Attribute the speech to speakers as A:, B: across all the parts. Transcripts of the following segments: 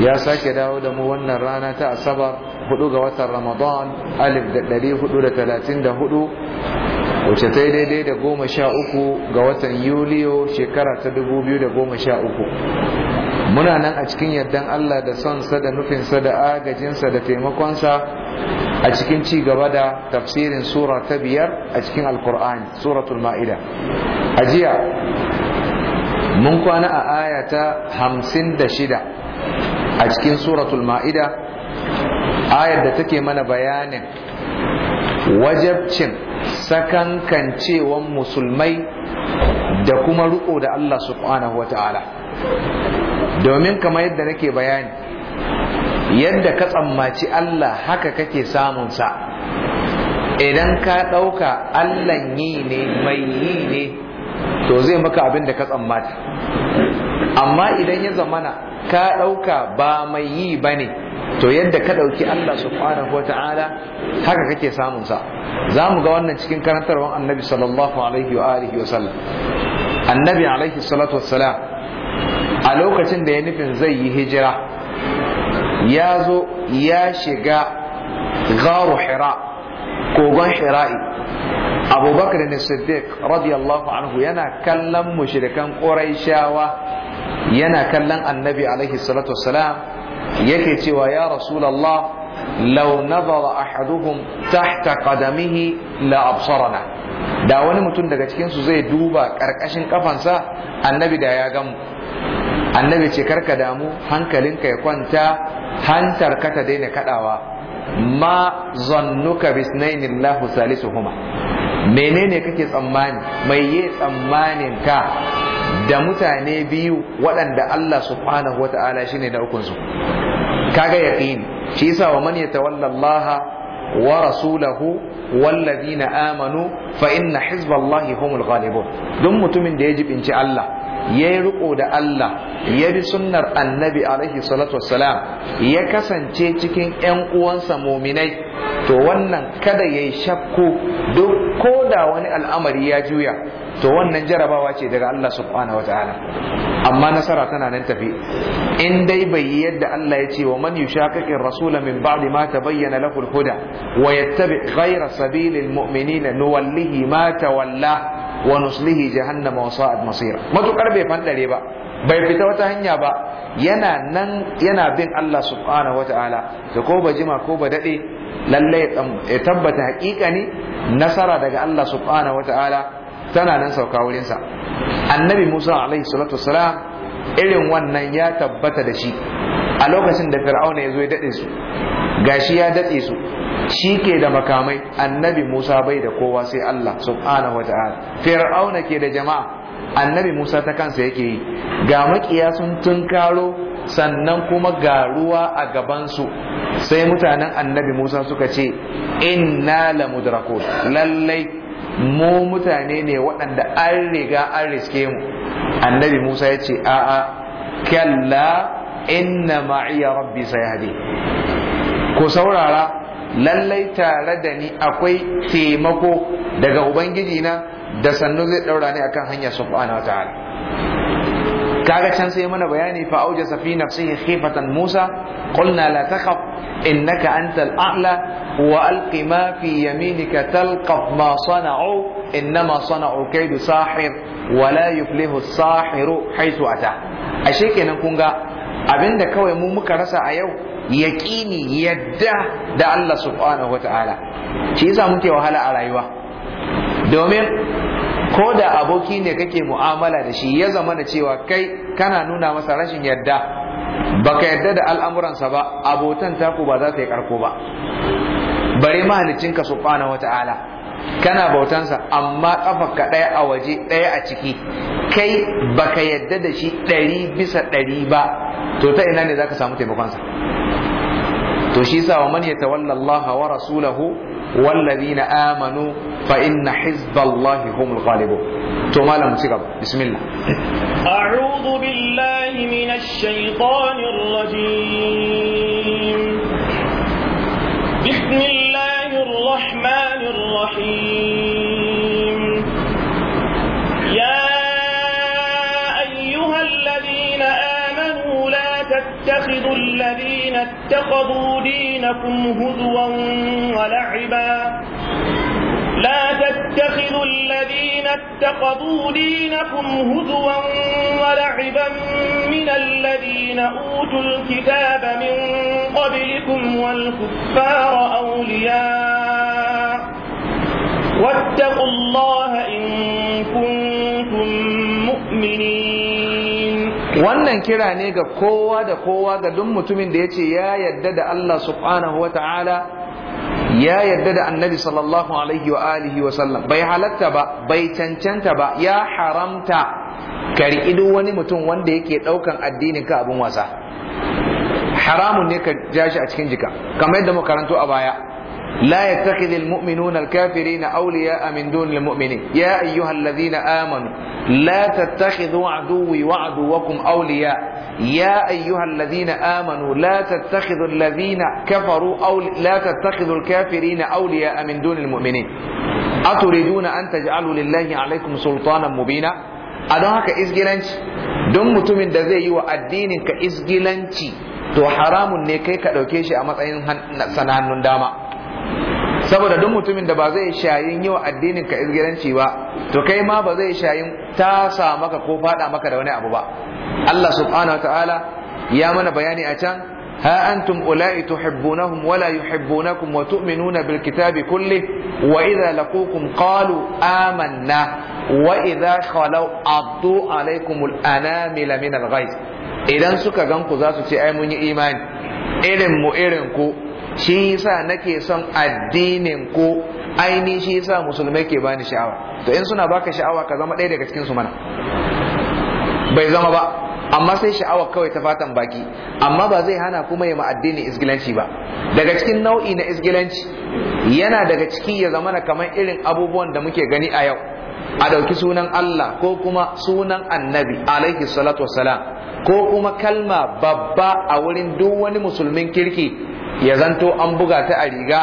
A: ya sake dawo da mu wannan rana ta asabar hudu ga watan ramadan alif da dari hudu da talatin da hudu wacce ta daidai da goma sha uku ga watan yuliyo shekara ta dubu biyu da goma sha uku muna nan a cikin yardan allah da sonsa da nufinsa da agajinsa da taimakonsa a cikin ci gaba da tafsirin sura ta biyar a cikin alkur'ani suratul ma'ida a jiya mun kwana a aya ta hamsin da shida a cikin suratul ma'ida ayar da take mana bayanin wajabcin sakankancewan musulmai da kuma riko da Allah subhanahu wata'ala domin kamar yadda nake bayani yadda ka tsammaci Allah haka kake samunsa idan ka ɗauka Allah yi ne mai yi ne to zai maka abinda da ka tsammata amma idan ya zamana ka ɗauka ba mai yi ba ne to yadda ka ɗauki Allah subhanahu wa ta'ala haka kake samun sa za mu ga wannan cikin karantarwar annabi sallallahu alaihi wa alihi wa sallam annabi alaihi salatu wassalam a lokacin da ya nufin zai yi hijira ya zo ya shiga garu hira kogon hira'i abubakar ne siddiq radiyallahu anhu yana kallon mushrikan ƙuraishawa yana kallon annabi alaihi salatu wasalam yake cewa ya rasulallah law nazara ahaduhum tahta qadamihi la absarana da wani mutum daga cikin su zai duba karkashin kafansa annabi da ya gamu annabi ce karka damu hankalinka ya kwanta hantar ka ta daina kadawa ma zannuka bisnainillahu salisuhuma menene kake tsammani mai yi tsammanin ka da mutane biyu waɗanda Allah subhanahu wa ta'ala ne na ukunsu kaga yaqini shi yasa wa man yatawalla Allah wa rasulahu wallazina amanu fa inna hizballahi humul ghalibun don mutumin da ya jibinci Allah ya yi riko da Allah ya bi sunnar annabi alaihi salatu wassalam ya kasance cikin 'yan uwansa muminai to wannan kada ya yi shakku duk ko da wani al'amari ya juya to wannan jarabawa ce daga Allah subhanahu wataala amma nasara tana nan tafi in dai bai yi yadda Allah ya ce wa man yushaqiqir rasula min ba'di ma tabayyana lahu al-huda wa yattabi' ghayra sabilil mu'minina nuwallihi ma tawalla wa nuslihi jahannama wa sa'at masira matukar bai fandare ba bai fita wata hanya ba yana nan yana bin Allah subhanahu wataala da ko ba jima ko ba dade lalle ya tabbata hakika ne nasara daga Allah subhanahu wataala tana nan sauka wurinsa annabi Musa alaihi salatu wasalam irin wannan ya tabbata da shi a lokacin da fir'auna ya zo ya daɗe su gashi ya daɗe su shi ke da makamai annabi musa bai da kowa sai allah subhanahu wata'ala fir'auna ke da jama'a annabi musa ta kansa yake yi ga makiya sun tunkaro sannan kuma ga ruwa a gabansu sai mutanen annabi musa suka ce inna la mudrakun lallai mu mutane ne waɗanda an riga an riske mu annabi musa ya ce a'a kyalla inna ma'iya rabbi sayadi ku saurara lallai tare da ni akwai taimako daga ubangiji na da sannu zai daura ni akan hanya subhanahu ta'ala. kaga can sai mana bayani fa auja safi nafsihi khifatan Musa qulna la takhaf innaka antal a'la wa alqi ma fi yaminika talqaf ma sana'u innama sana'u kaydu sahir wa la yuflihu sahiru haythu ata ashe kenan kun ga abinda kawai mu muka rasa a yau yaqini yadda da Allah subhanahu wa ta'ala shi yasa muke wahala a rayuwa domin ko da aboki ne kake mu'amala da shi ya zama da cewa kai kana nuna masa rashin yadda baka yadda da al'amuransa ba abotan taku ba za ta yi karko ba bare mahaliccinka subhanahu wata'ala kana bautansa amma ka ɗaya a waje ɗaya a ciki kai baka yadda da shi ɗari bisa ɗari ba to ta ina ne zaka samu taimakonsa to shi sa wa man yatawalla Allah wa rasulahu والذين آمنوا فإن حزب الله هم الغالبون ثم لم بسم الله أعوذ بالله من الشيطان
B: الرجيم بسم الله الرحمن الرحيم اتخذوا دينكم هزوا ولعبا لا تتخذوا الذين اتخذوا دينكم هزوا ولعبا من الذين أوتوا الكتاب من قبلكم والكفار أولياء
C: واتقوا
B: الله إن كنتم مؤمنين
A: wannan kira ne ga kowa da kowa ga duk mutumin da ya ce ya yadda da Allah subhanahu wa ta'ala ya yadda da annabi sallallahu alaihi wa alihi wa sallam bai halatta ba bai cancanta ba ya haramta kari ido wani mutum wanda yake daukan addinin ka abin wasa haramun ne ka jashi a cikin jika kamar yadda mu karanto a baya لا يتخذ المؤمنون الكافرين أولياء من دون المؤمنين يا أيها الذين آمنوا لا تتخذوا عدوي وعدوكم أولياء يا أيها الذين آمنوا لا تتخذوا الذين كفروا أو لا تتخذوا الكافرين أولياء من دون المؤمنين أتريدون أن تجعلوا لله عليكم سلطانا مبينا أدوها كإزجلنش دم متمن دزي وأدين كإزجلنش تو حرام نكيك لو كيش أمطعين سنان داما saboda duk mutumin da ba zai shayin yau addinin ka izgiranci ba to kai ma ba zai shayin sa maka ko fada maka da wani abu ba Allah subhanahu wataala ya mana bayani a can ha antum ulai tuhibbunahum wa la yuhibbunakum wa tu'minuna bil kitabi kulli wa idza laqukum qalu amanna wa idza khalau addu alaykum al anamila min al ghaiz idan suka ganku za su ce ai mun yi imani irin mu irin ku shi yasa nake son addinin ko aini shi yasa musulmai ke bani sha'awa to in suna baka sha'awa ka zama ɗaya daga cikin su mana bai zama ba amma sai sha'awa kawai ta fatan baki amma ba zai hana kuma ya addinin isgilanci ba daga cikin nau'i na isgilanci yana daga ciki ya zama kamar irin abubuwan da muke gani a yau a ɗauki sunan Allah ko kuma sunan annabi alaihi salatu wasalam ko kuma kalma babba a wurin duk wani musulmin kirki ya zanto an buga ta a riga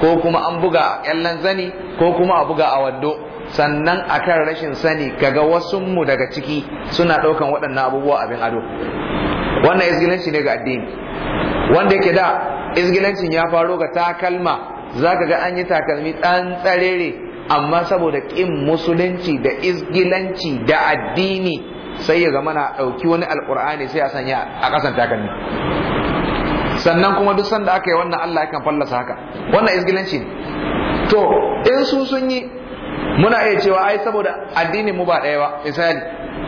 A: ko kuma an buga a zani ko kuma a buga a wando sannan akan rashin sani kaga wasu mu daga ciki suna ɗaukan waɗannan abubuwa abin ado wannan izgilanci ne ga addini wanda yake da izgilancin ya faro ga takalma zaka ga an yi takalmi ɗan tsarere amma saboda ƙin musulunci da izgilanci da addini sai ya zama na ɗauki wani alƙur'ani sai a sanya a ƙasan takalmi sannan kuma duk sanda aka yi wannan Allah yakan fallasa haka wannan izgilanci ne to in su sun yi muna iya cewa ai saboda addinin mu ba ɗaya ba misali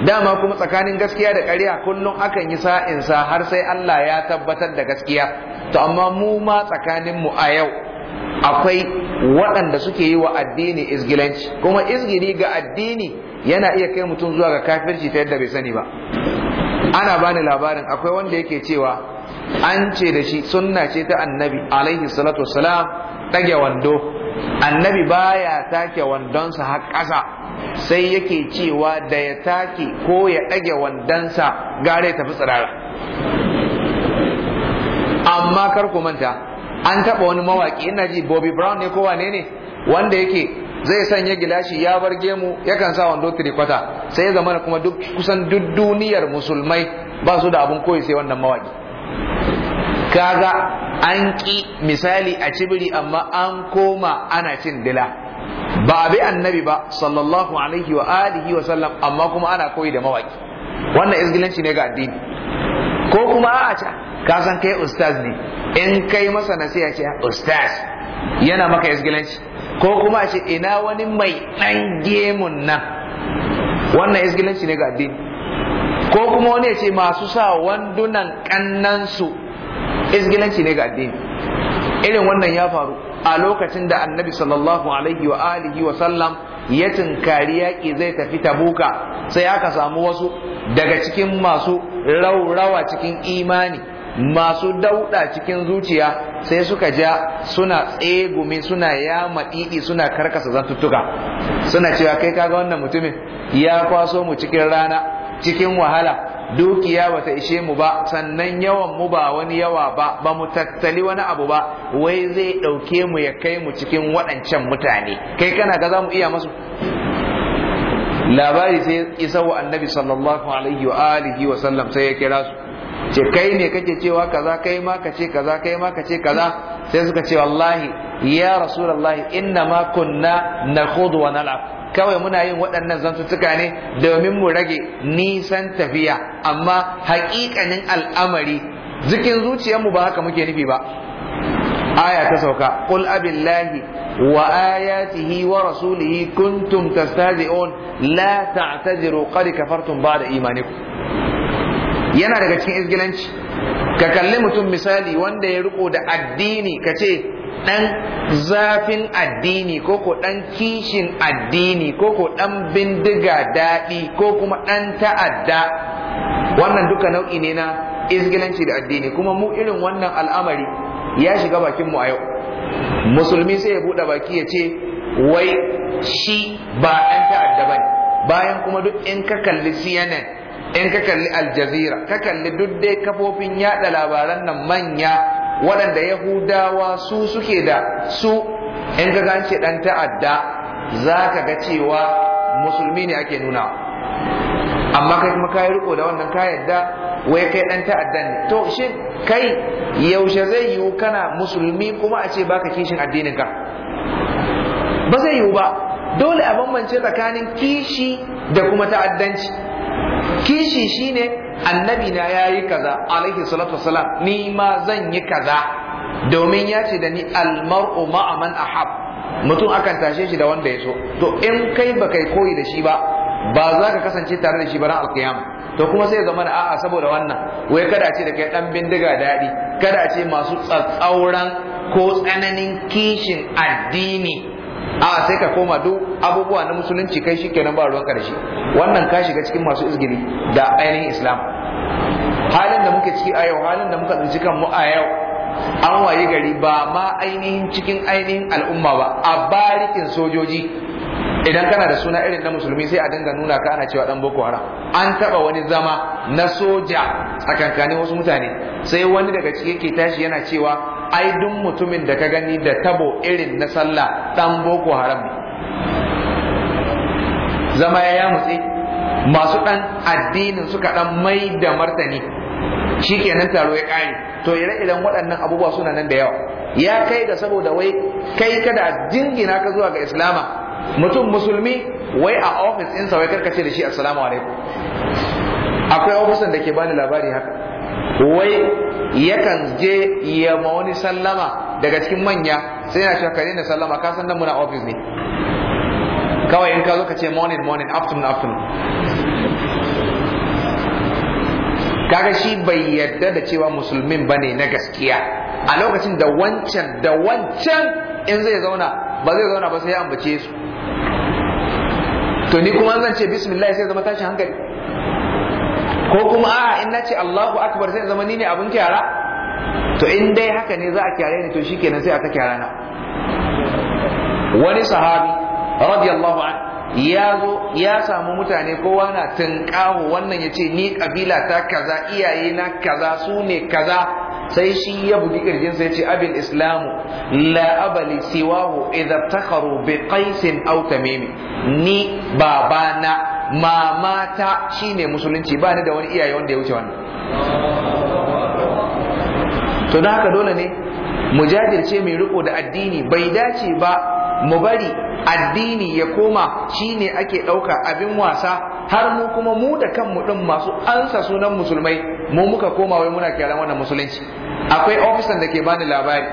A: dama kuma tsakanin gaskiya da ƙarya kullum akan yi sa'insa har sai Allah ya tabbatar da gaskiya to amma mu ma tsakanin mu a yau akwai waɗanda suke yi wa addini izgilanci kuma izgili ga addini yana iya kai mutum zuwa ga kafirci ta yadda bai sani ba ana bani labarin akwai wanda yake cewa an ce da shi sunna ce ta annabi alaihi salatu wassalam ɗage wando annabi baya take wandonsa har ƙasa sai yake cewa da ya take ko ya ɗage wandonsa gare tafi tsirara amma kar ku manta an taɓa wani mawaƙi ina ji Bobby Brown ne ko wane ne wanda yake zai sanya gilashi ya bar gemu yakan sa wando tirikwata sai ya zama kuma duk kusan duk duniyar musulmai ba su da abun koyi sai wannan mawaki kaga an ƙi misali a cibiri amma an koma ana cin dila ba a bi annabi ba sallallahu alaihi wa alihi wa sallam amma kuma ana koyi da mawaki wannan izgilanci ne ga addini ko kuma a ca ka san kai ustaz ne in kai masa nasiha ce ustaz yana maka izgilanci ko kuma a ce ina wani mai dan gemun nan wannan izgilanci ne ga addini ko kuma wani ya ce masu sa wandunan kannansu izgilanci ne ga addini irin wannan ya faru a lokacin da annabi sallallahu alaihi wa alihi wa sallam ya kariya yaƙi zai tafi tabuka sai aka samu wasu daga cikin masu raurawa cikin imani masu dauɗa cikin zuciya sai suka ja suna tsegumi suna yama ɗiɗi suna karkasa zantuttuka suna cewa kai kaga wannan mutumin ya kwaso mu cikin rana cikin wahala dukiya bata ishe mu ba sannan yawan mu ba wani yawa ba ba mu tattali wani abu ba wai zai ɗauke mu ya kai mu cikin waɗancan mutane kai kana ga za mu iya masu labari sai isa wa annabi sallallahu alaihi wa alihi wa sallam sai ya kira su ce kai ne kake cewa kaza kai ma kace kaza kai ma kace kaza sai suka ce wallahi ya rasulullahi inna ma kunna nakhudu wa nal'ab kawai muna yin waɗannan zantuttuka ne domin mu rage nisan tafiya amma haƙiƙanin al'amari zikin zuciyarmu ba haka muke nufi ba aya ta sauka qul abillahi wa ayatihi wa rasulihi kuntum tastahzi'un la ta'taziru qad kafartum ba'da imanikum yana daga cikin izgilanci ka kalli mutum misali wanda ya riko da addini ka ce ɗan zafin addini ko ko ɗan kishin addini ko ko ɗan bindiga daɗi ko kuma ɗan ta'adda wannan duka nau'i ne na izgilanci da addini kuma mu irin wannan al'amari ya shiga bakin mu a yau musulmi sai ya buɗe baki ya ce wai shi ba ɗan ta'adda ba bayan kuma duk in ka kalli CNN in ka kalli aljazira ka kalli duk dai kafofin yada labaran nan manya waɗanda yahudawa su suke da su in ga gance ɗan ta'adda za ka ga cewa musulmi ne ake nuna amma kai kuma ka riko da wannan ka yadda wai kai ɗan ta'adda ne to shin kai yaushe zai yiwu kana musulmi kuma a ce baka kishin addinin ka ba zai yiwu ba dole a bambance tsakanin kishi da kuma ta'addanci kishi shine annabi na ya yi kaza alaihi salatu wasalam ni ma zan yi kaza domin ya ce da ni almar'u ma'a man ahab mutum akan tashe shi da wanda ya so to in kai ba kai koyi da shi ba ba za ka kasance tare da shi ba ran alkiyama to kuma sai zama da a'a saboda wannan wai kada a ce da kai dan bindiga daɗi kada a ce masu tsatsauran ko tsananin kishin addini a sai ka koma duk abubuwa na musulunci kai shi kenan ba ruwan karshe wannan ka shiga cikin masu izgili da ainihin islam halin da muke ciki a yau halin da muka tsinci kanmu a yau an waye gari ba ma ainihin cikin ainihin al'umma ba a barikin sojoji idan kana da suna irin na musulmi sai a dinga nuna ka ana cewa dan boko haram an taba wani zama na soja tsakankanin wasu mutane sai wani daga ciki ke tashi yana cewa ai duk mutumin da ka gani da tabo irin na sallah dan boko haram zama ya yamutse masu dan addinin suka dan mai da martani shikenan taro ya kare to ire idan waɗannan abubuwa suna nan da yawa ya kai ga saboda wai kai kada a jingina ka zuwa ga islama mutum musulmi wai a ofis sa wai ce da shi assalamu alaikum akwai ofisan da ke bani labari haka wai yakan je ya ma wani sallama daga cikin manya sai yana cewa ka da sallama ka san nan muna ofis ne kawai in ka zo ka ce morning morning afternoon afternoon kaga shi bai yarda da cewa musulmin bane na gaskiya a lokacin da wancan da wancan in zai zauna ba zai zauna ba sai ya ambace su to ni kuma zan ce bismillah sai zama tashi hankali ko kuma a'a in ce Allahu akbar sai zama ni ne abin kyara to in dai haka ne za a kyare ni to shikenan sai aka kyara na wani sahabi radiyallahu an ya zo ya samu mutane kowa na tunƙaho wannan ya ce ni kabila ta kaza iyaye na kaza su ne kaza sai shi ya bugi kirjin sai ce abin islamu la abali siwahu idza takharu bi qaisin aw ni babana mamata ne musulunci ba ni da wani iyaye wanda ya wuce wannan to don haka dole ne mu jajirce mai riko da addini bai dace ba mu bari addini ya koma shi ne ake ɗauka abin wasa har mu kuma mu da kanmu ɗin masu ansa sunan musulmai mu muka koma wai muna kyaran wannan musulunci akwai ofisan da ke bani labari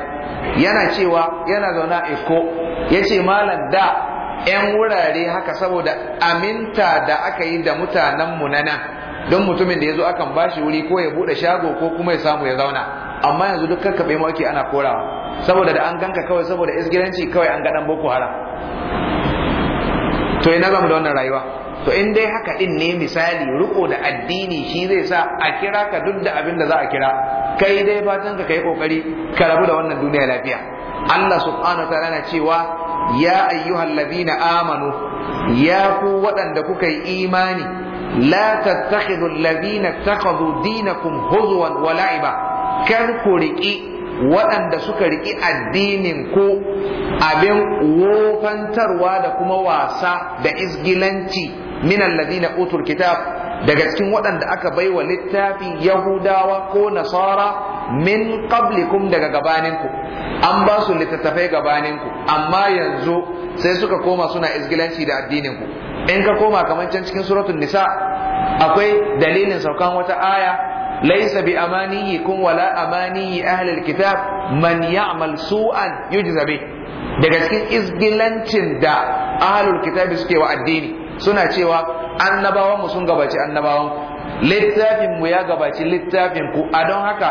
A: yana cewa yana zauna a eko yace malam da 'yan wurare haka saboda aminta da aka yi da mutanenmu na nan don mutumin da ya zo akan bashi wuri ko ya buɗe shago ko kuma ya samu ya zauna amma yanzu duk karkaɓe bai mawaki ana korawa saboda da an ganka kawai saboda isgiranci kawai an gaɗan boko haram to ina zamu da wannan rayuwa to in dai haka ɗin ne misali riko da addini shi zai sa a kira ka duk da abin da za a kira kai dai fatan ka kai kokari ka rabu da wannan duniya lafiya Allah subhanahu wa ta'ala na cewa ya ayyuhal ladina amanu ya ku waɗanda kuka yi imani la tattakhidhu alladhina ittakhadhu dinakum huzwan wa la'iba kar ku riki waɗanda suka riki addinin ku abin wofantarwa da kuma wasa da izgilanci min alladhina utul kitab daga cikin waɗanda aka bai wa littafi yahudawa ko nasara min qablikum daga gabaninku an ba su littattafai gabaninku amma yanzu sai suka koma suna izgilanci da addininku in ka koma kamar can cikin suratul nisa akwai dalilin saukan wata aya amaniyi kun wala amaniyi أهل kitab Manya ya'mal Su'an yujza به daga cikin izgilancin da ahlul kitabi suke wa addini suna cewa annabawan mu sun gabaci annabawan ku littafin mu ya gabaci littafin ku a don haka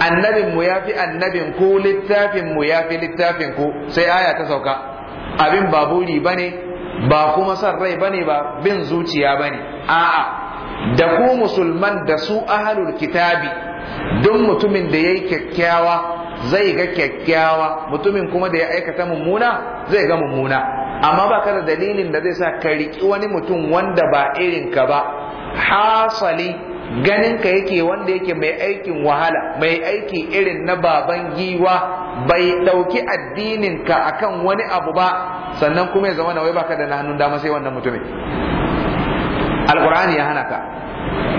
A: annabin mu ya fi annabin ku littafin mu ya fi littafin ku sai aya ta sauka abin ba buri bane ba kuma san rai bane ba bin zuciya bane a'a da ku musulman da su ahlul kitabi duk mutumin da yayi kyakkyawa zai ga kyakkyawa mutumin kuma da ya aikata mummuna zai ga mummuna amma ba ka da dalilin da zai sa ka riƙi wani mutum wanda ba irin ka ba hasali ganin ka yake wanda yake mai aikin wahala mai aiki irin na baban giwa bai ɗauki addinin ka akan wani abu ba sannan kuma ya zama na wai baka da na hannun dama sai wannan mutumin alqur'ani ya hana ka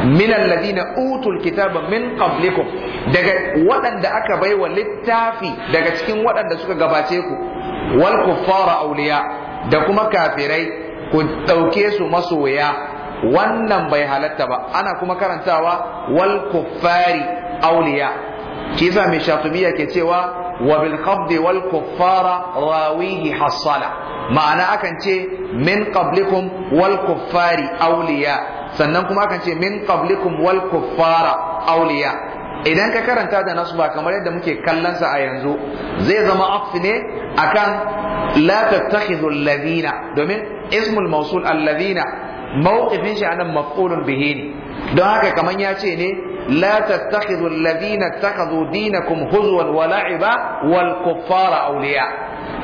A: min alladhina utul kitaba min qablikum daga waɗanda aka baiwa littafi daga cikin waɗanda suka gabace ku wal kuffara awliya da kuma kafirai ku ɗauke su masoya wannan bai halatta ba ana kuma karantawa wal kuffari auliya Kisa yasa mai shatumiya ke cewa wa bil qabdi wal kuffara rawihi hasala ma'ana akan ce min qablikum wal kuffari auliya sannan kuma akan ce min qablikum wal kuffara auliya idan ka karanta da nasba kamar yadda muke kallon sa a yanzu zai zama aksi ne akan la tattakhidhu alladhina domin ismul mawsul alladhina mawqifin shi anan maf'ulun bihi don haka kaman ya ce ne la tattakhidhu alladhina takhadhu dinakum huzwan wa la'iba wal kuffara awliya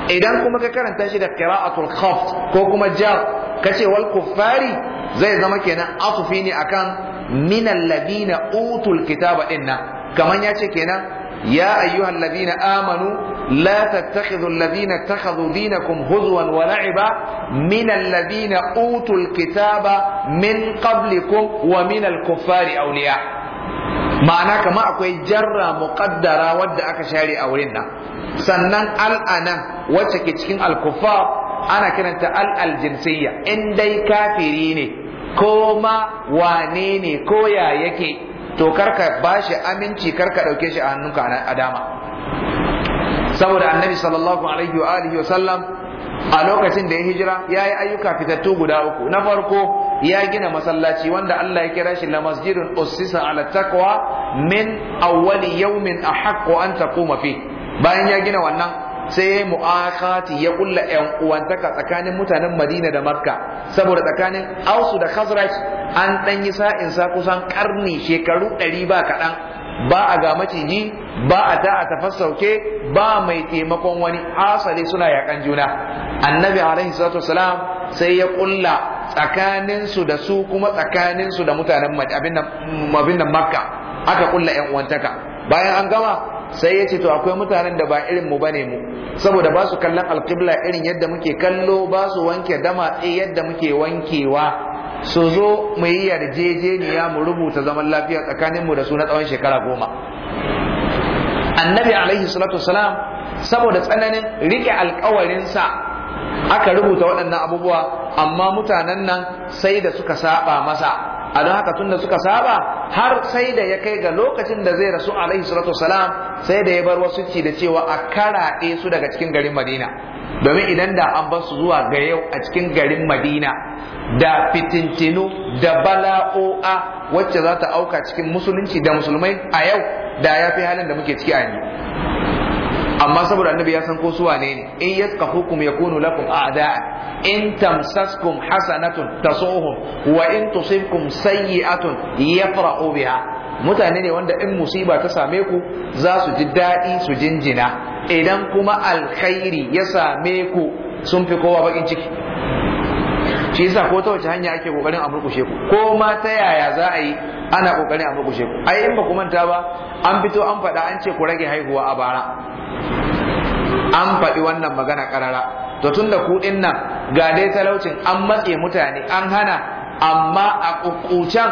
A: idan kuma ka karanta shi da qira'atul khafd ko kuma jar kace wal kuffari zai zama kenan afufi ne akan minan labina utul kitaba dinna kaman ya ce kenan يا أيها الذين آمنوا لا تتخذوا الذين اتخذوا دينكم هزوا ولعبا من الذين أوتوا الكتاب من قبلكم ومن الكفار أولياء معناه كما أكوي جرى مقدرة ود أكشاري أولينا sannan al'anan wacce ke cikin alkufar ana kiranta al'al jinsiyya in dai kafiri ne ko ma wane ne ko ya yake to karka bashi aminci karka ɗauke shi a hannunka a dama saboda annabi sallallahu alaihi wa alihi wa sallam a lokacin da ya hijira ya yi ayyuka fitattu guda uku na farko ya gina masallaci wanda Allah ya kira shi la masjidun ussisa ala taqwa min awwali yawmin an taquma fi bayan ya gina wannan sai ya yi mu'akati ya kulla yan uwantaka tsakanin mutanen madina da makka saboda tsakanin ausu da khazraj an ɗan yi sa'in sa kusan karni shekaru ɗari ba kaɗan ba a ga maciji ba a ta a tafassauke ba mai taimakon wani asali suna yakan juna annabi alaihi salatu wasalam sai ya kulla tsakaninsu da su kuma tsakaninsu da mutanen abin nan makka aka kulla yan uwantaka bayan an gama sai ya ce to akwai mutanen da ba irin mu bane mu saboda ba su kallon alƙibla irin yadda muke kallo ba su wanke dama ɗaya eh yadda muke wankewa su zo mu yi yarjejeniya mu rubuta zaman lafiya tsakanin mu da su na tsawon shekara goma annabi alaihi salatu salam saboda tsananin rike alkawarinsa aka rubuta waɗannan abubuwa amma mutanen nan sai da suka saba masa a don haka da suka saba har sai da ya kai ga lokacin da zai rasu alaihi salatu wasalam sai da ya bar wasu ci da cewa a karaɗe su daga cikin garin madina domin idan da an bar zuwa ga yau a cikin garin madina da fitintinu da bala'o'a wacce za ta auka cikin musulunci da musulmai a yau da ya fi halin da muke ciki a yanzu amma saboda annabi ya san ko su in ne in yaskahukum yakunu lakum a'da'a in tamsaskum hasanatun tasuhum wa in tusibkum sayyi'atun yafra'u biha mutane ne wanda in musiba ta same ku za su ji daɗi su jinjina idan kuma alkhairi ya same ku sun fi kowa bakin ciki shi yasa ko ta wace hanya ake kokarin a murkushe ku ko ma ta yaya za a yi ana kokarin a murkushe ku ai in ba ku manta ba an fito an faɗa an ce ku rage haihuwa a bara an faɗi wannan magana karara to tunda ku din nan ga dai talaucin an matse mutane an hana amma a kukucan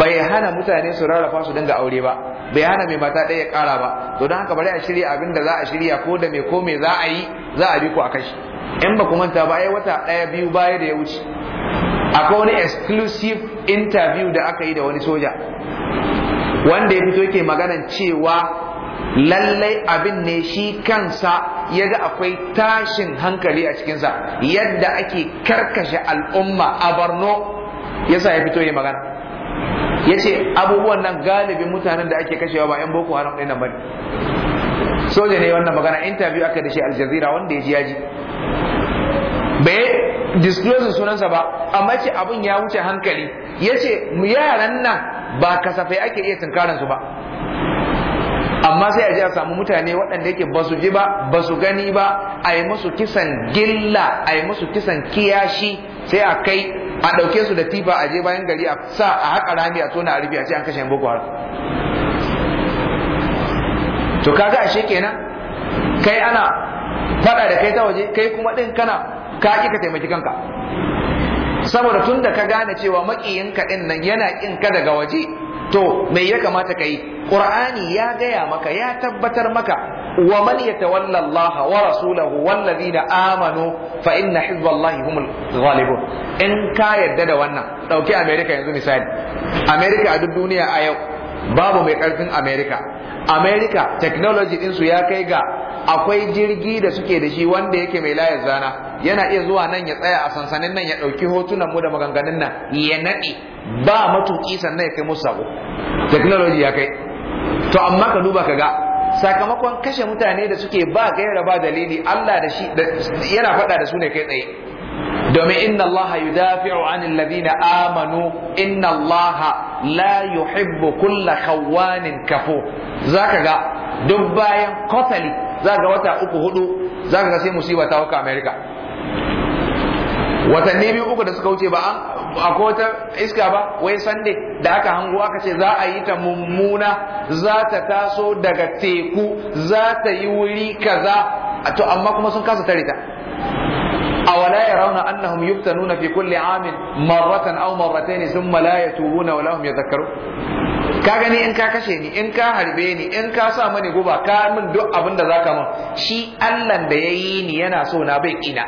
A: bai hana mutane su rarrafa su dinga aure ba bai hana mai mata ɗaya ƙara ba to don haka bari a shirya abin da za a shirya ko da mai ko mai za a yi za a bi ku a kashi in ba ku manta ba ai wata ɗaya biyu baya da ya wuce akwai wani exclusive interview da aka yi da wani soja wanda ya fito yake maganan cewa lallai abin ne shi kansa ya ga akwai tashin hankali a cikinsa yadda ake karkashe al'umma a barno yasa ya fito ya magana ya ce abubuwan nan galibin mutanen da ake kashewa ba 'yan boko haram ɗin nan bane soja ne wannan magana interview aka da shi aljazira wanda ya ji ya ji bai disclose sunansa ba amma ce abin ya wuce hankali ya ce yaran nan ba kasafai ake iya tunkaransu ba amma sai a ji a samu mutane waɗanda yake ba su ji ba ba su gani ba a yi musu kisan gilla a yi musu kisan kiyashi sai a kai a ɗauke su da tifa a je bayan gari a sa a haƙa rami a tona a rufe a ce an kashe boko haram to kaga ashe kenan kai ana fada da kai ta waje kai kuma din kana ka ki ka taimaki kanka saboda tunda ka gane cewa makiyin ka din nan yana kin ka daga waje to me ya kamata ka yi qur'ani ya gaya maka ya tabbatar maka wa man yatawalla Allah wa rasulahu wal ladina amanu fa inna hizballahi humul ghalibun in ka yadda da wannan dauki America yanzu misali America a duk duniya a yau babu mai karfin America America technology din su ya kai ga akwai jirgi da suke da shi wanda yake mai layar zana yana iya zuwa nan ya tsaya a sansanin nan ya ɗauki hotunan mu da maganganun nan ya naɗe ba matuƙi sannan ya kai musu sako technology ya kai to amma ka duba ka ga sakamakon kashe mutane da suke ba gaira ba dalili Allah da shi yana faɗa da su ne kai tsaye domin inna Allah yudafi'u anil ladina amanu inna Allah la yuhibbu kulla khawanin kafo zaka ga duk bayan kotali za ga wata uku hudu za ga sai musiba ta hauka Amerika. watanni biyu uku da suka wuce ba a akwai wata iska ba wai sande da aka hango aka ce za a yi ta mummuna za ta taso daga teku za ta yi wuri kaza to amma kuma sun kasa tare ta أولا يرون nuna يفتنون في كل عام مرة أو مرتين ثم لا يتوبون ولا هم يذكرون ka gani in ka kashe ni in ka harbe ni in ka sa mani guba ka min duk abin da zaka min shi Allah da yayi ni yana so na bai kina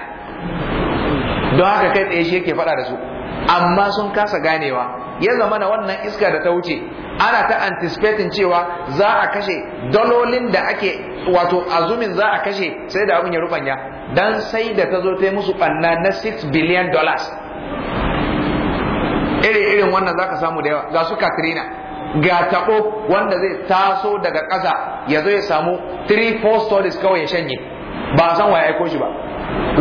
A: don haka kai tsaye shi yake faɗa da su amma sun kasa ganewa ya zama na wannan iska da ta wuce ana ta anticipating cewa za a kashe dalolin da ake wato azumin za a kashe sai da abin ya rubanya dan sai da ta zo ta musu ɓanna na 6 billion dollars iri irin wannan za samu da yawa ga su katrina ga taɓo wanda zai taso daga ƙasa ya zo ya samu 3-4 stories kawai ya shanye ba san wa ya aiko shi ba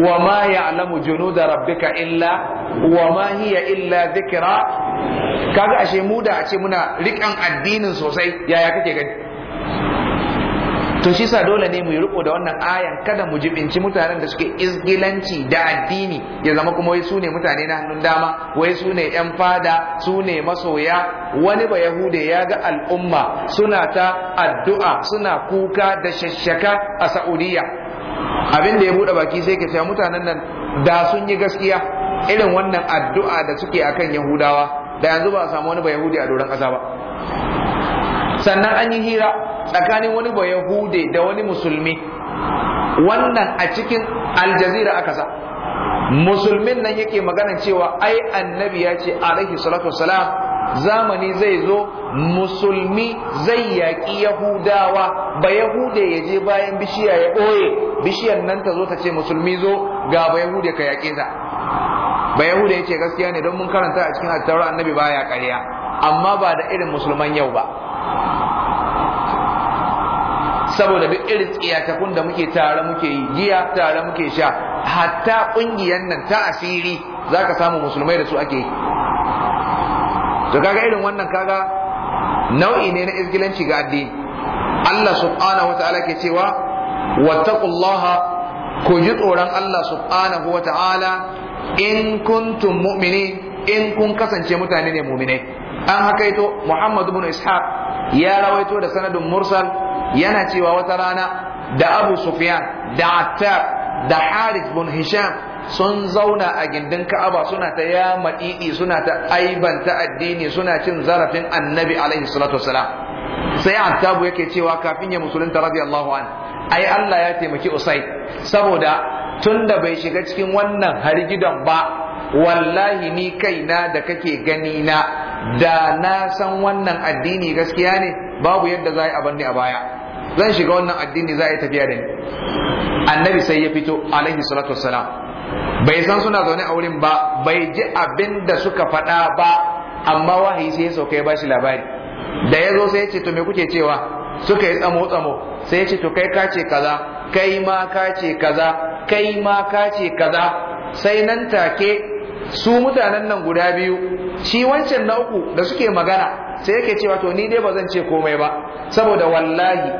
A: wa ma junu da rabbika illa wa ma hiya illa zikira kaga ashe mu da a ce muna riƙan addinin sosai yaya kake gani to shi sa dole ne mu yi riko da wannan ayan kada mu jibinci mutanen da suke izgilanci da addini ya zama kuma wai su ne mutane na hannun dama wai su ne yan fada su ne masoya wani ba yahude ya ga al'umma suna ta addu'a suna kuka da shashaka a sa'udiyya abin da ya bude baki sai ke cewa mutanen nan da sun yi gaskiya irin wannan addu'a da suke akan Yahudawa da yanzu ba a samu wani ba Yahudi a doron kasa ba sannan an yi hira tsakanin wani ba yahude da wani musulmi wannan a cikin aljazira aka sa musulmin nan yake magana cewa ai annabi ya ce alaihi salatu wasalam zamani zai zo musulmi zai yaƙi yahudawa ba yahude ya je bayan bishiya ya ɓoye bishiyar nan ta zo ta ce musulmi zo ga ba yahude ka yaƙe ta ba yahude ya ce gaskiya ne don mun karanta a cikin attaura annabi baya ƙarya amma ba da irin musulman yau ba saboda duk irin tsiyatakun da muke tare muke yi giya tare muke sha hatta kungiyar nan ta asiri za ka samu musulmai da su ake yi to kaga irin wannan kaga nau'i ne na izgilanci ga addini Allah subhanahu wataala ke cewa wattaqullaha ku ji tsoron Allah subhanahu wataala in kuntum mumini in kun kasance mutane ne mu'minai an hakaito Muhammadu ibn Ishaq ya rawaito da sanadin mursal yana cewa wata rana da abu sufyan da attar da harith bin hisham sun zauna a gindin ka'aba suna ta ya maɗiɗi suna ta aibanta addini suna cin zarafin annabi alaihi salatu wasalam sai attabu yake cewa kafin ya musulunta radiyallahu an ai Allah ya taimaki usai saboda tunda bai shiga cikin wannan hargidan ba wallahi ni kaina da kake gani na da na san wannan addini gaskiya ne babu yadda za a banni a baya zan shiga wannan addini za a yi tafiya da ni annabi sai ya fito alaihi salatu wassalam bai san suna zaune a wurin ba bai ji abin da suka faɗa ba amma wahayi sai ya sauka ya ba shi labari da ya zo sai ya ce to me kuke cewa suka yi tsamo tsamo sai ya ce to kai ka ce kaza kai ma kace kaza kai ma kace kaza sai nan take su mutanen nan guda biyu shi wancan na uku da suke magana sai yake cewa to ni dai ba zan ce komai ba saboda wallahi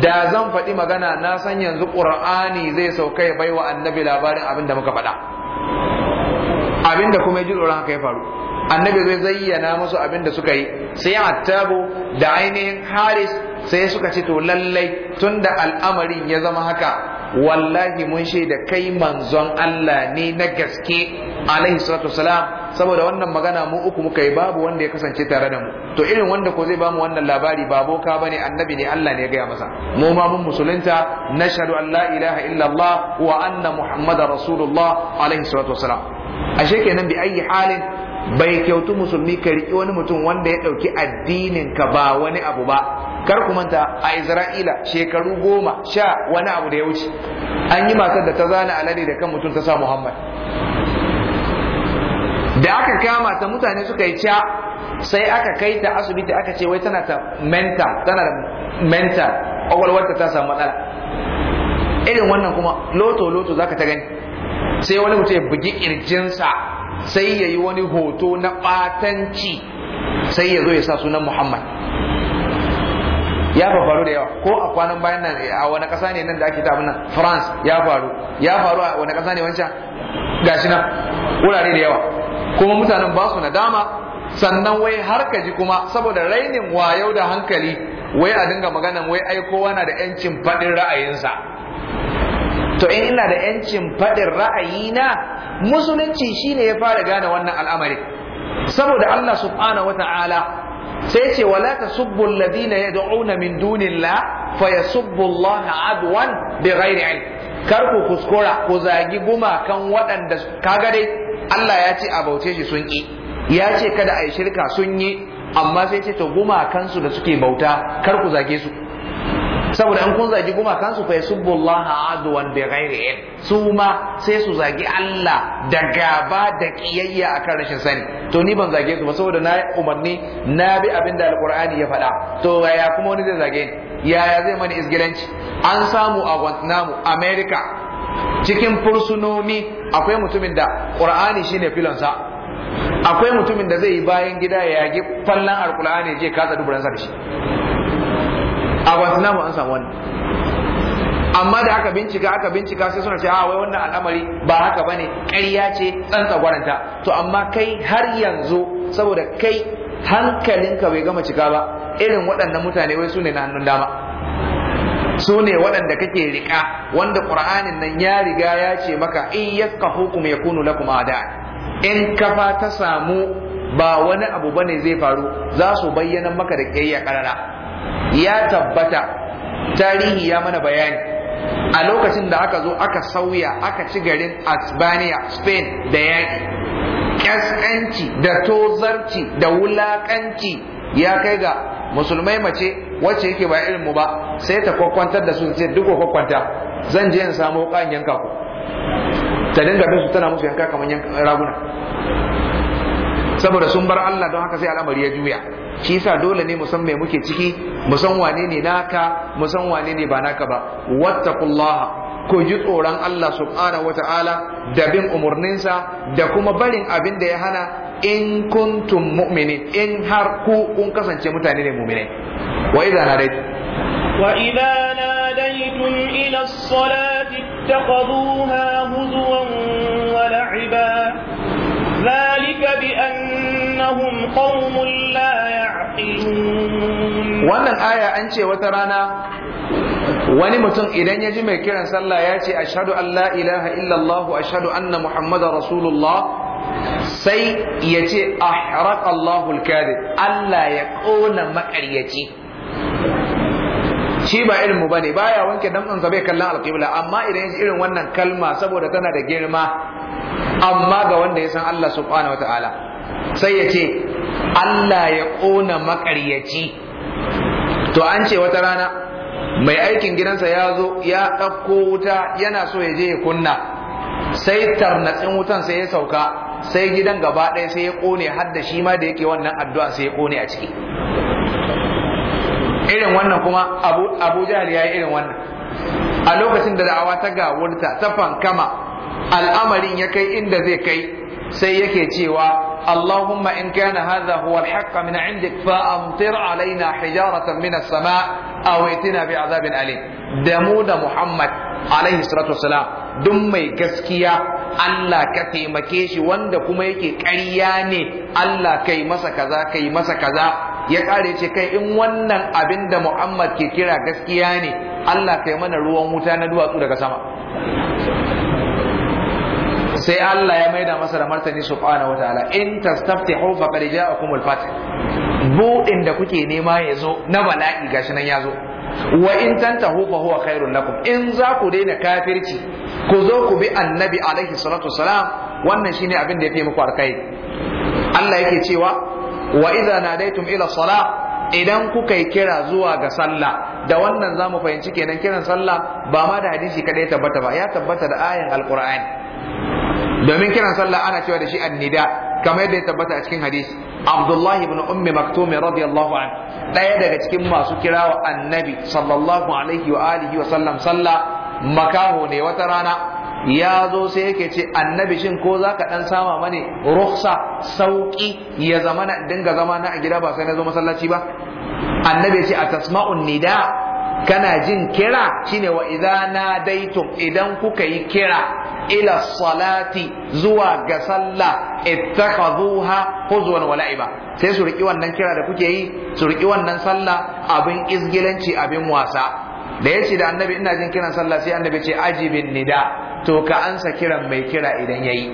A: da zan faɗi magana na san yanzu ƙur'ani zai sauka ya baiwa annabi labarin abin da muka faɗa abin da kuma ya ji tsoron faru annabi zai zayyana musu abin da suka yi sai attabu da ainihin haris sai suka ce to lallai tunda al'amarin ya zama haka wallahi mun shaida kai manzon Allah ne na gaske alaihi salatu wasalam saboda wannan magana mu uku muka yi babu wanda ya kasance tare da mu to irin wanda ko zai bamu wannan labari ba boka bane annabi ne Allah ne ya gaya masa mu ma mun musulunta nashhadu an la ilaha Allah wa anna muhammadar rasulullah alaihi salatu wasalam ashe kenan bi ayi halin bai kyautu musulmi ka riƙi wani mutum wanda ya ɗauki addinin ka ba wani abu ba kar ku manta a Isra'ila shekaru goma sha wani abu da ya wuce an yi matar da ta zana alade da kan mutum ta sa Muhammad da aka kama ta mutane suka yi ca sai aka kai ta asibiti aka ce wai tana ta mental tana da mental ƙwaƙwalwarta ta samu matsala irin wannan kuma loto loto zaka ta gani sai wani mutum ya bugi kirjinsa sai ya yi wani hoto na ɓatanci sai ya zo ya sa sunan muhammad ya faru da yawa ko a kwanan bayan nan a wani ƙasa ne nan da ake ta nan france ya faru ya faru a wani ƙasa ne wancan gashi nan wurare da yawa kuma mutanen ba su na dama. sannan wai har ka ji kuma saboda rainin wayo da hankali wai a dinga magana wai ai kowa na da yancin faɗin ra'ayinsa to in ina da yancin faɗin ra'ayina musulunci shine ya fara gane wannan al'amari saboda Allah subhanahu wata'ala sai ce wala tasubbu alladhina yad'una min dunillah fayasubbu Allah adwan bighairi ilm kar ku kuskura ku zagi gumakan waɗanda kaga dai Allah ya ce a bauce shi sun ki ya ce kada a yi shirka sun yi amma sai ce to gumakansu da suke bauta kar ku zage su saboda an kun zagi gumakan su fa yasubbullaha adwan bi ghairi ilm su ma sai su zagi Allah da gaba da kiyayya akan rashin sani to ni ban zage su ba saboda na umarni na bi abin da alqur'ani ya faɗa to ya kuma wani zai zage ni yaya zai mani isgilanci an samu a Guantanamo America cikin fursunomi akwai mutumin da qur'ani shine filansa akwai mutumin da zai yi bayan gida ya yage fallan alqur'ani je katsa duburansa da shi a an samu wani. amma da aka bincika aka bincika sai suna ce a ah, wai wannan al'amari ba haka bane ƙarya ce tsantsa gwaranta to amma kai har yanzu saboda kai hankalinka bai gama cika ba irin waɗannan mutane wai su ne na hannun dama su ne waɗanda kake riƙa wanda ƙur'anin nan ya riga ya ce maka in yaskahukum yakunu lakum da in kafa ta samu ba wani abu bane zai faru za su bayyana maka da ƙiyayya ƙarara ya tabbata tarihi ya mana bayani a lokacin da aka zo aka sauya aka ci garin asbaniya spain da yaƙi ƙasƙanci da tozarci da wulaƙanci ya kai ga musulmai mace wacce yake ba irin mu ba sai ta kwakwantar da su ce duk kwakwanta zan je in samu ƙan yanka ku ta dinga bin su tana musu yanka kamar raguna saboda sun bar Allah don haka sai al'amari ya juya shi yasa dole ne musamman muke ciki musan san wane ne naka musan san wane ne ba naka ba wattaqullaha ku ji tsoron Allah subhanahu wata'ala da bin umarninsa da kuma barin abin da ya hana in kuntum mu'minin in har ku kun kasance mutane ne mu'mine wa idza nadayt
B: wa idza nadaytum ila as-salati ittakhadhuha huzwan wa la'iba dhalika bi annahum qaumun wannan
A: aya an ce wata rana wani mutum idan ya ji mai kiran sallah ya ce ashadu an la ilaha illallah wa anna muhammadar rasulullah sai ya ce ahraq Allahul kadhib Allah ya kona makaryaci shi ba irin mu bane baya wanke damtsan zabe kallon alqibla amma idan ji irin wannan kalma saboda tana da girma amma ga wanda ya san Allah subhanahu wataala sai ya ce Allah ya ƙona maƙaryaci to an ce wata rana mai aikin gidansa ya zo ya ɗauko wuta yana so ya je ya kunna sai tarnatsin wutan sai ya sauka sai gidan gaba ɗaya sai ya ƙone har da shi ma da yake wannan addu'a sai ya ƙone a ciki irin wannan kuma abu jahal ya yi irin wannan a lokacin da da'awa ta ga wurta ta fankama al'amarin ya kai inda zai kai sai yake cewa اللهم إن كان هذا هو الحق من عندك فأمطر علينا حجارة من السماء أو ائتنا بعذاب أليم دمود محمد عليه الصلاة والسلام duk mai gaskiya Allah ka taimake shi wanda kuma yake ƙarya ne Allah kai masa kaza kai masa kaza ya kare ce kai in wannan abin da Muhammad ke kira gaskiya ne Allah kai mana ruwan wuta na duwatsu daga sama sai Allah ya maida masa da martani subhanahu wataala in tastaftihu faqad ja'akumul fath budin da kuke nema ya zo na bala'i gashi nan ya zo wa in tantahu fa huwa khairun lakum in za ku daina kafirci ku zo ku bi annabi alaihi salatu wasalam wannan shine abin da yafi muku alkai Allah yake cewa wa idza nadaitum ila salah idan kuka yi kira zuwa ga sallah da wannan za mu fahimci kenan kiran sallah ba ma da hadisi kadai tabbata ba ya tabbata da ayan alqur'ani domin kiran sallah ana cewa da shi annida kamar yadda ya tabbata a cikin hadisi Abdullah ibn Ummi Maktum radiyallahu an daya daga cikin masu kirawa annabi sallallahu alaihi wa alihi wa sallam sallah makaho ne wata rana ya zo sai yake ce annabi shin ko za ka ɗan sama mani ruksa sauƙi ya zama na dinga zama na a gida ba sai na zo masallaci ba annabi ce a tasma'un nida kana jin kira shine wa idza nadaitum idan kuka yi kira ila salati zuwa ga sallah ittakhaduha huzwan wa la'iba sai su riki wannan kira da kuke yi su riki wannan sallah abin izgilanci abin wasa da yace da annabi ina jin kiran sallah sai annabi ce ajibin nida to ka ansa kiran mai kira idan yayi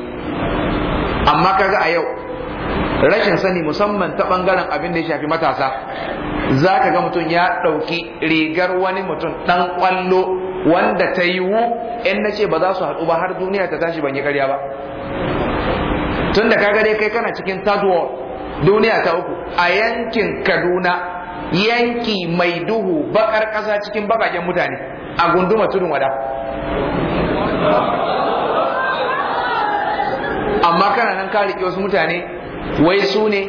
A: amma kaga a yau rashin sani musamman ta bangaren abin da ya shafi matasa za ka ga mutum ya ɗauki rigar wani mutum ɗan ƙwallo wanda ta yiwu in na ce ba za su haɗu ba har duniya ta tashi ban yi karya ba tun da kaga dai kai kana cikin third world duniya ta uku a yankin kaduna yanki mai duhu bakar ƙasa cikin bakaken mutane a gunduma tudun wada amma kana nan ka riƙe wasu mutane wai su ne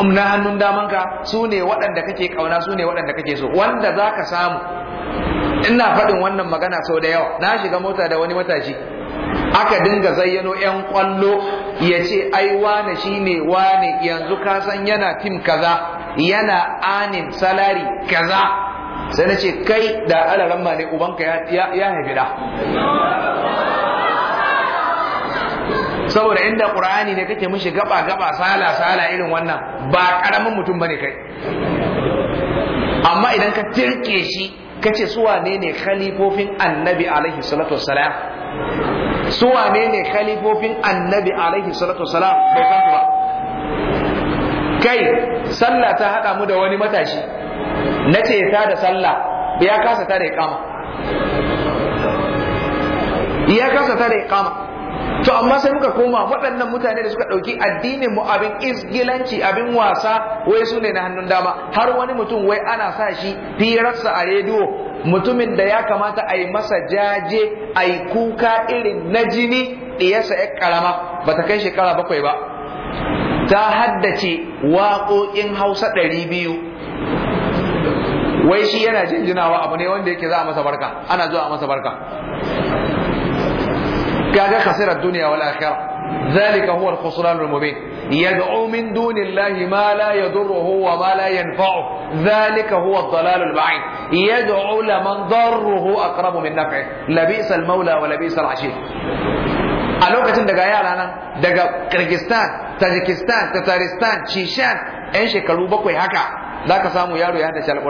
A: um, na hannun damanka su ne waɗanda kake ƙauna su ne waɗanda kake so wanda za ka samu ina faɗin wannan magana sau da yawa na shiga mota da wani matashi aka dinga zayyano 'yan kwallo ya ce ai wane shi ne wane yanzu ka san yana tim kaza yana anin salari kaza sai na ce kai da ma ne ubanka ya haifi da saboda inda ƙur'ani ne kake mishi gaba gaba sala sala irin wannan ba karamin mutum bane kai amma idan ka tirke shi kace su wane ne khalifofin annabi alaihi salatu wassalam su wane ne khalifofin annabi alaihi salatu wassalam bai san ba kai sallah ta hada mu da wani matashi nace ta da sallah ya kasa tare kama. ya kasa ta da to amma sai muka koma waɗannan mutane da suka ɗauki addinin mu abin isgilanci abin wasa wai su ne na hannun dama har wani mutum wai ana sa shi firarsa a rediyo mutumin da ya kamata a yi masa jaje a yi kuka irin na jini ɗiyarsa ya karama ba ta kai shekara bakwai ba ta haddace waƙoƙin hausa ɗari biyu wai shi yana jinjinawa abu ne wanda yake za a masa barka ana zuwa a masa barka kaga khasirar duniya wal akhirah zalika huwa al-khusran al-mubin yad'u min dunillahi ma la yadurruhu zalika huwa ad-dalal al-ba'id yad'u liman darruhu aqrabu min wa a lokacin daga yara nan daga kirgistan Tajikistan Tataristan Cishan, yan shekaru bakwai haka zaka samu yaro ya haddace al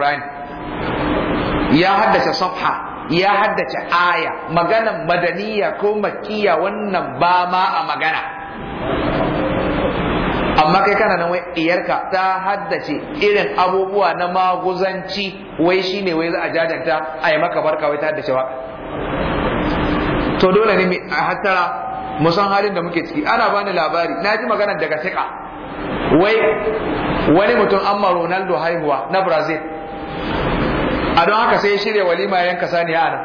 A: ya haddace safha ya haddace aya maganan madaniya ko makkiya wannan ba ma a magana amma kai kana nan wai iyarka ta haddace irin abubuwa na maguzanci wai shine wai za a jajanta a yi maka barka wai ta haddace ba to dole ne a hattara musan halin da muke ciki ana bani labari na ji maganar daga sika wai wani mutum amma Ronaldo haihuwa na Brazil a don haka sai ya shirya walima ya yanka saniya anan.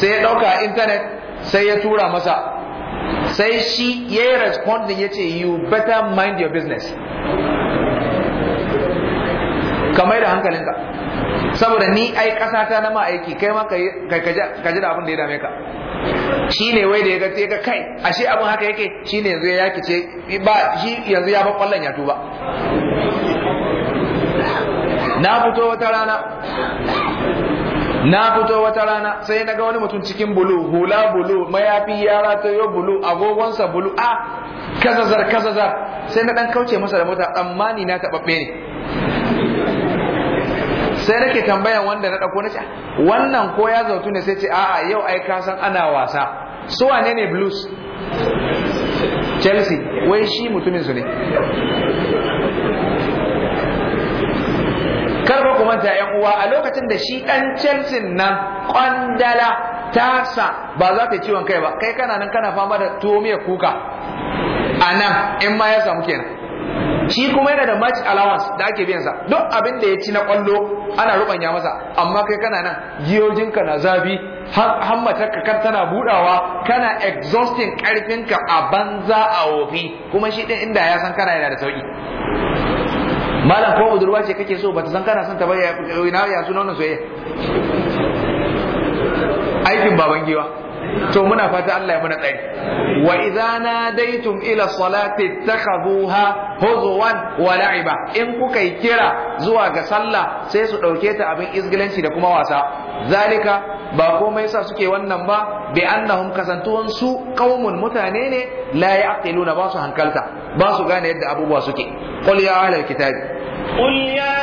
A: sai ya ɗauka a intanet sai ya tura masa sai shi ya yi responding ya ce you better mind your business kamar da hankalinka saboda ni ai kasata na ma'aiki aiki kai ma ka ji da abin da ya dame ka shi ne wai da ya ga ga kai ashe abin haka yake shi ne yanzu ya yaki ce ba shi yanzu ya ba kwallon ya tuba na fito wata rana na fito wata rana sai na ga wani mutum cikin bulu hula bulu mayafi ya ratayo bulu agogonsa bulu a ah, kazazar kazazar sai na dan kauce masa da mota amma ni na taɓaɓɓe ne sai nake tambayan wanda na ɗauko na ce wannan ko ya zautu ne sai ce a'a yau ai ka san ana wasa su wane ne blues chelsea wai shi mutumin su ne karfa ku manta yan uwa a lokacin da shi ɗan Chelsea nan kwandala tasa ba za ta yi ciwon kai ba kai kana nan kana fama da tuwo miya kuka a nan in ma ya samu kenan shi kuma yana da match allowance da ake biyansa, sa duk abin da ya ci na kwallo ana rubanya masa amma kai kana nan giyojinka na zafi hammatarka kan tana budawa kana exhausting karfinka a banza a wofi kuma shi din inda ya san kana yana da sauki malam ko budurwa ce kake so bata san kana son ta ba ya ina ya sunan wannan soyayya aikin baban giwa to muna fata Allah ya mana tsaye. wa idza nadaitum ila salati takhabuha huzwan wa la'iba in kuka yi kira zuwa ga sallah sai su dauke ta abin izgilanci da kuma wasa zalika ba komai yasa suke wannan ba bi annahum kasantuwan su qaumun mutane ne la ya'qiluna ba su hankalta ba su gane yadda abubuwa suke qul ya ahlal kitabi
B: qul ya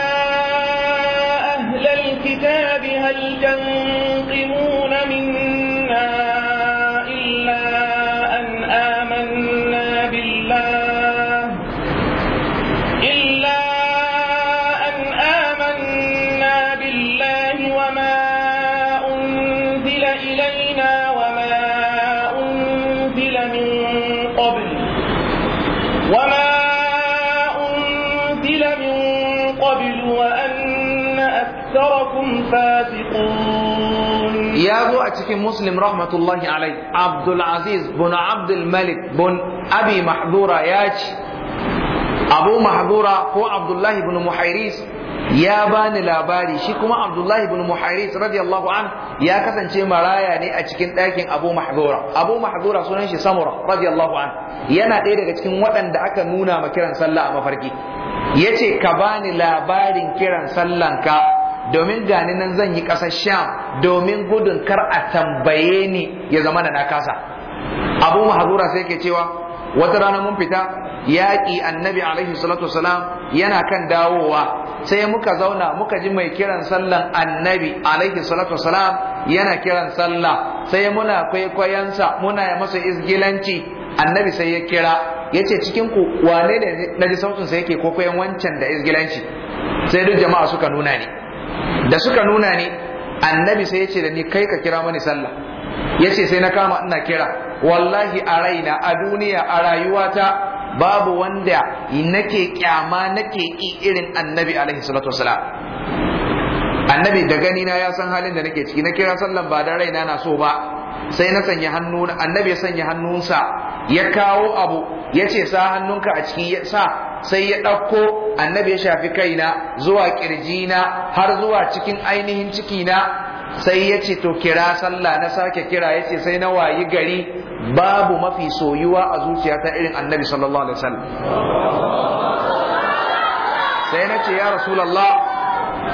B: ahlal kitabi hal tanqimuna min
A: cikin muslim rahmatullahi alai abdul aziz bin abdul malik bin abi mahdura ya ce abu mahdura ko abdullahi bin muhairis ya bani labari shi kuma abdullahi bin muhairis radiyallahu an ya kasance maraya ne a cikin ɗakin abu mahdura abu mahdura sunan shi samura radiyallahu an yana ɗaya daga cikin waɗanda aka nuna ma kiran sallah a mafarki ce ka bani labarin kiran sallanka domin gani nan zan yi ƙasar sham domin gudun kar a tambaye ni ya zama da na kasa abu mahazura sai ke cewa wata rana mun fita yaƙi annabi alaihi salatu salam yana kan dawowa sai muka zauna muka ji mai kiran sallan annabi alaihi salatu salam yana kiran sallah sai muna kwaikwayansa muna ya masa izgilanci annabi sai ya kira ya ce cikin ku wane ne na ji sautin yake kwaikwayan wancan da izgilanci sai duk jama'a suka nuna ne. da suka nuna ni annabi sai ya ce da ni kai ka kira mani sallah ya ce sai na kama ina kira wallahi a raina a duniya a rayuwata babu wanda nake kyama nake i irin annabi alaihi salatu annabi da gani na ya san halin da nake ciki na kira sallan ba da raina na so ba sai na sanya hannu annabi ya sanya hannunsa ya kawo abu ya ce sa hannunka a ciki ya sa sai ya ɗauko annabi ya shafi kaina zuwa na har zuwa cikin ainihin cikina sai ya ce to kira sallah na sake kira ya ce sai na wayi gari babu mafi soyuwa a zuciya ta irin annabi sallallahu alaihi sai na ce ya rasulallah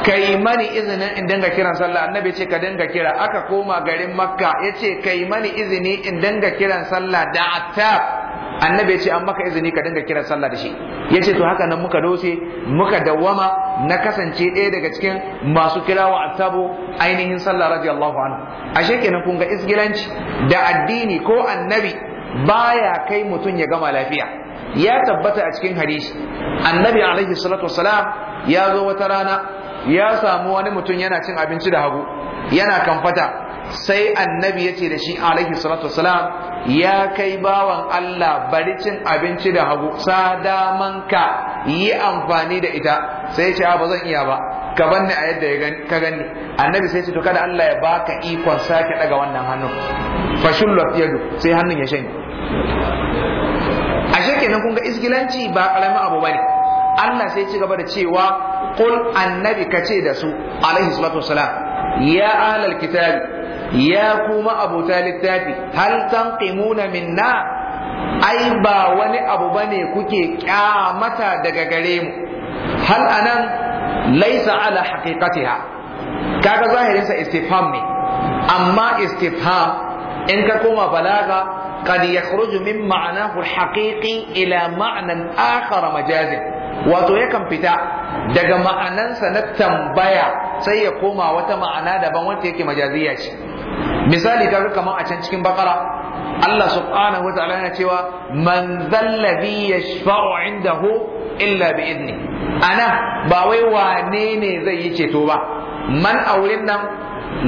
A: kai mani izinin in dinga kiran sallah annabi ce ka dinga kira aka koma garin makka yace kai mani izini in dinga kiran sallah da attab annabi ya ce an maka izini ka dinga kiran sallah da shi ya ce to haka nan muka dose muka dawwama na kasance ɗaya daga cikin masu kirawa ashabu ainihin sallah radiyallahu anhu ashe kenan kun ga isgilanci da addini ko annabi baya kai mutum ya gama lafiya ya tabbata a cikin hadisi annabi alaihi salatu wasalam ya zo wata rana ya samu wani mutum yana cin abinci da hagu yana kamfata sai annabi yace da shi alaihi salatu wasalam ya kai bawan Allah bari cin abinci da hagu sa ka yi amfani da ita sai ya ce ba zan iya ba ka banni a yadda ka gani annabi sai ce to kada Allah ya baka ikon sake daga wannan hannun fashullat yadu sai hannun ya shanye ashe kenan kun ga isgilanci ba karamin abu bane Allah sai ci gaba da cewa qul annabi kace da su alaihi salatu wasalam ya ahlal kitabi ya kuma abota littafi hal tanqimuna minna ai ba wani abu bane kuke kyamata daga gare mu hal anan laisa ala haqiqatiha kaga zahirin sa istifham ne amma istifham in ka koma balaga قد يخرج من معناه الحقيقي إلى معنى آخر مجازي wato yakan fita daga ma'anansa na tambaya sai ya koma wata ma'ana daban wanda yake majaziya ce misali kaga kamar a can cikin bakara Allah subhanahu wa ta'ala yana cewa man zallabi yashfa'u indahu illa bi idni ana ba wai wane ne zai yi ceto ba man aurin nan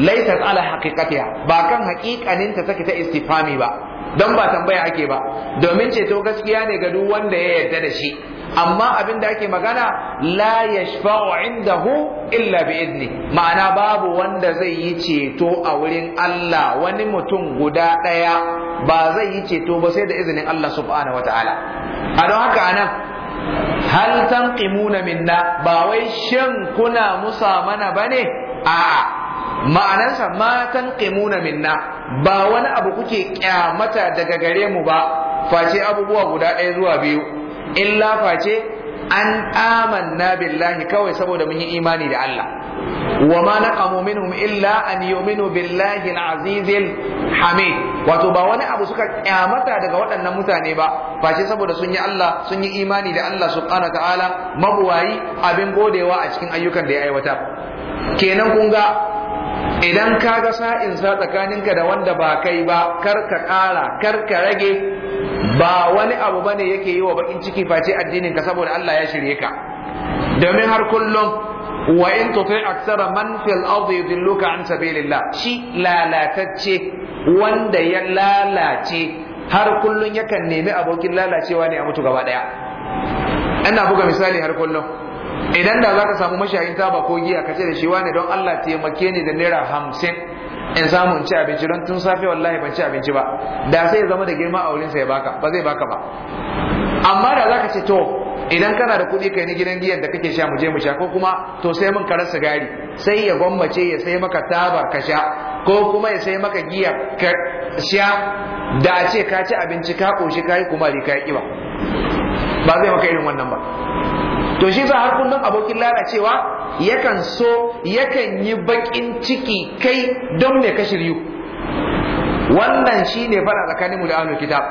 A: laysat ala haqiqatiha ba kan haƙiƙanin ta take ta istifami ba don ba tambaya ake ba domin ceto gaskiya ne ga duk wanda ya yarda da shi amma abin da ake magana la yashfa'u indahu illa bi ma'ana babu wanda zai yi ceto a wurin Allah wani mutum guda ɗaya ba zai yi ceto ba sai da izinin Allah subhanahu wataala a don haka anan hal tanqimuna minna ba wai shin kuna musa mana bane a'a ma'anansa matan qimuna minna ba wani abu kuke kyamata daga gare mu ba face abubuwa guda ɗaya zuwa biyu illa face an amanna billahi kawai saboda mun yi imani da Allah
D: wa ma naqamu
A: minhum illa an yu'minu billahi al-azizil hamid wato ba wani abu suka kyamata daga waɗannan mutane ba face saboda sun yi Allah sun yi imani da Allah subhanahu ta'ala mabuwayi abin godewa a cikin ayyukan da ya aiwata kenan kun ga idan ka ga sa'in sa tsakaninka da wanda ba kai ba kar ka ƙara kar ka rage ba wani abu bane yake yi wa bakin ciki face addinin ka saboda Allah ya shirye ka domin har kullum wa in tuti aksara man fil ardi yudilluka an sabilillah shi lalatacce wanda ya lalace har kullum yakan nemi abokin lalacewa ne a mutu gaba daya ina buga misali har kullum idan da zaka samu mashayin taba ko giya ka da shi wane don Allah taimake ni da naira hamsin in samu in ci abinci don tun safe wallahi ban ci abinci ba da sai zama da girma a wurin sa ya baka ba zai baka ba amma da zaka ce to idan kana da kuɗi kai ni gidan giyan da kake sha mu je mu sha ko kuma to sai mun karar sigari sai ya gwammace ya sai maka tabar ka sha ko kuma ya sai maka giya ka sha da a ce ka ci abinci ka koshi ka yi kumari kai kiba ba ba zai maka irin wannan ba to shi sa har kullun abokin lalacewa yakan so yakan yi bakin ciki kai don me ka shiryu wannan shine fara tsakanin mu da ahlul kitab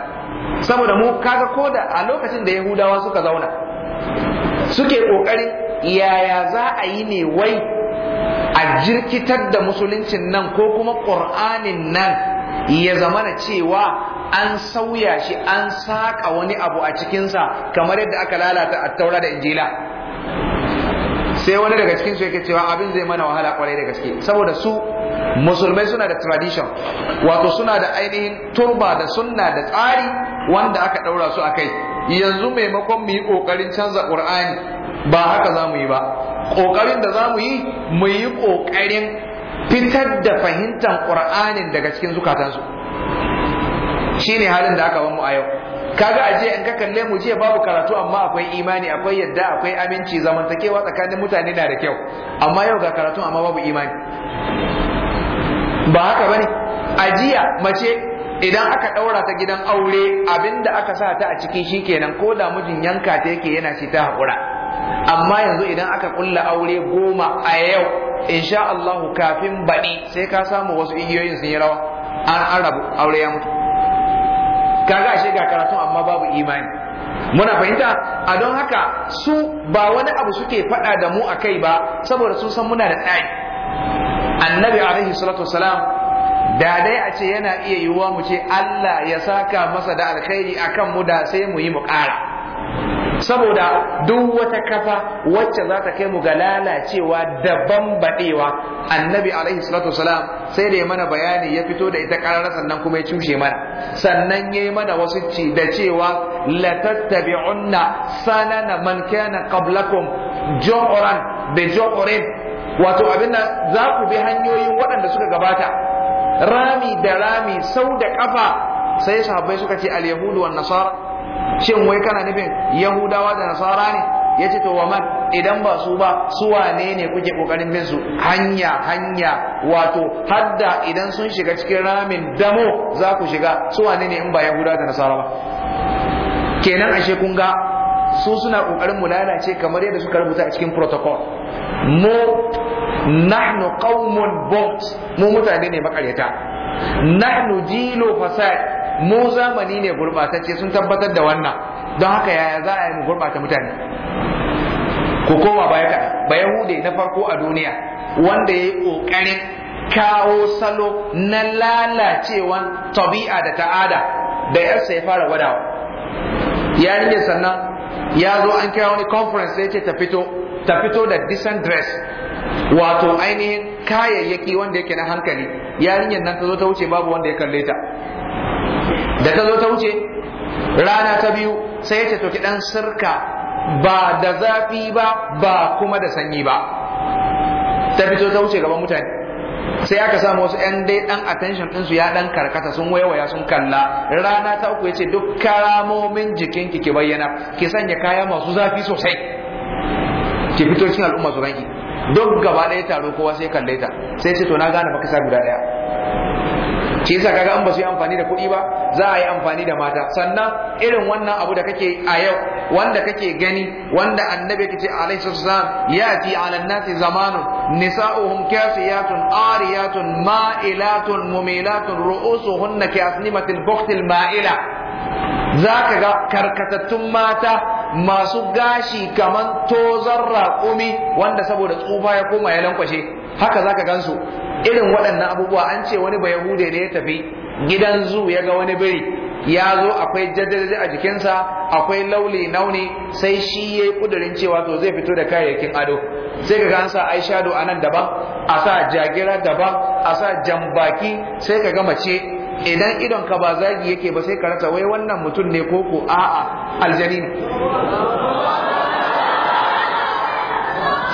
A: saboda mu kaga ko da a lokacin da yahudawa suka zauna suke kokarin yaya za a yi ne wai a jirkitar da musuluncin nan ko kuma ƙur'anin nan ya zamana cewa an sauya shi an saƙa wani abu a cikinsa kamar yadda aka lalata a taura da injila sai wani daga cikin su yake cewa abin zai mana wahala kwarai da gaske saboda su musulmai suna da tradition wato suna da ainihin turba da sunna da tsari wanda aka daura su akai yanzu maimakon mu yi kokarin canza qur'ani ba haka za mu yi ba kokarin da za mu yi mu yi kokarin fitar da fahimtar qur'anin daga cikin zukatansu shine halin da aka mu a yau kaga aje in ka kalle mu je babu karatu amma akwai imani akwai yadda akwai aminci zamantakewa tsakanin mutane na da kyau amma yau ga karatu amma babu imani ba haka bane ajiya mace idan aka daura ta gidan aure abinda aka sa ta a ciki kenan, ko da mijin yanka ta yake yana shi ta hakura amma yanzu idan aka kulla aure goma a yau insha Allahu kafin baɗi sai ka samu wasu igiyoyin sun yi rawa an rabu aure ya mutu kaga ashe ga karatun amma babu imani muna fahimta a don haka su ba wani abu suke faɗa da mu a kai ba saboda sun san muna da tsari annabi alaihi salatu wasalam da dai a ce yana iya yiwuwa mu ce Allah ya saka masa da alkhairi akan mu da sai mu yi mu ƙara saboda duk wata kafa wacce za ta kai mu ga lalacewa daban baɗewa annabi alaihi salatu wasalam sai da ya mana bayani ya fito da ita karara sannan kuma ya cushe mana sannan ya yi mana wasu ci da cewa tattabi'unna sanana man kana qablakum jo'ran da jo'rin wato abin za ku bi hanyoyin waɗanda suka gabata rami da rami sau da kafa sai sahabbai suka ce al-yahudu wan nasara shin wai kana nufin yahudawa da nasara ne ya ce to wa idan ba su ba su wane ne kuke kokarin bin su hanya hanya wato hadda idan sun shiga cikin ramin damo za ku shiga su wane ne in ba yahudawa da nasara ba kenan ashe kun ga su suna kokarin mu lalace kamar yadda suka rubuta a cikin protocol mu nahnu qaumun bot mu mutane ne makaryata nahnu jilu fasad mu zamani ne gurbatacce sun tabbatar da wannan don haka yaya za a yi mu gurbata mutane ku koma baya kaɗan ba yahude na farko a duniya wanda ya yi ƙoƙarin kawo salo na lalacewan tabi'a da ta'ada da yarsa ya fara gwadawa yarinya sannan ya zo an kira wani conference ce ta fito ta fito da decent dress wato ainihin kayayyaki wanda yake na hankali yarinyar nan ta zo ta wuce babu wanda ya kalle ta da ta zo ta wuce rana ta biyu sai ya ce to ki dan sirka ba da zafi ba ba kuma da sanyi ba ta fito ta wuce gaban mutane sai aka samu wasu yan dai dan attention din su ya dan karkata sun wayawaya sun kalla rana ta uku yace duk karamomin jikin ki ki bayyana ki sanya kaya masu zafi sosai ki fito cikin al'umma su ranki duk gaba ɗaya taro kowa sai kalle ta sai ce to na gane baka sa guda ɗaya shi yasa kaga an ba su yi amfani da kuɗi ba za a yi amfani da mata sannan irin wannan abu da kake a yau wanda kake gani wanda annabi kace alaihi ya yati ala nasi zamanu nisa'uhum kasiyatun ariyatun ma'ilatun mumilatun ru'usuhunna kasnimatil bukhtil ma'ila zaka ga karkatattun mata masu gashi kaman tozon raƙumi wanda saboda tsufa ya koma ya lankwashe haka zaka gansu irin waɗannan abubuwa an ce wani ba hude ne ya tafi gidan zu ya ga wani biri ya zo akwai jaddadaji a jikinsa akwai lauli nauni sai shi ya yi ƙudurin cewa to zai fito da kayayyakin ado sai ka an sa shado a nan daban a sa jagira daban a sa jambaki sai ka gama ce. idan idon ka ba zagi yake ba sai ka rasa wai wannan mutum ne ko ko a'a aljani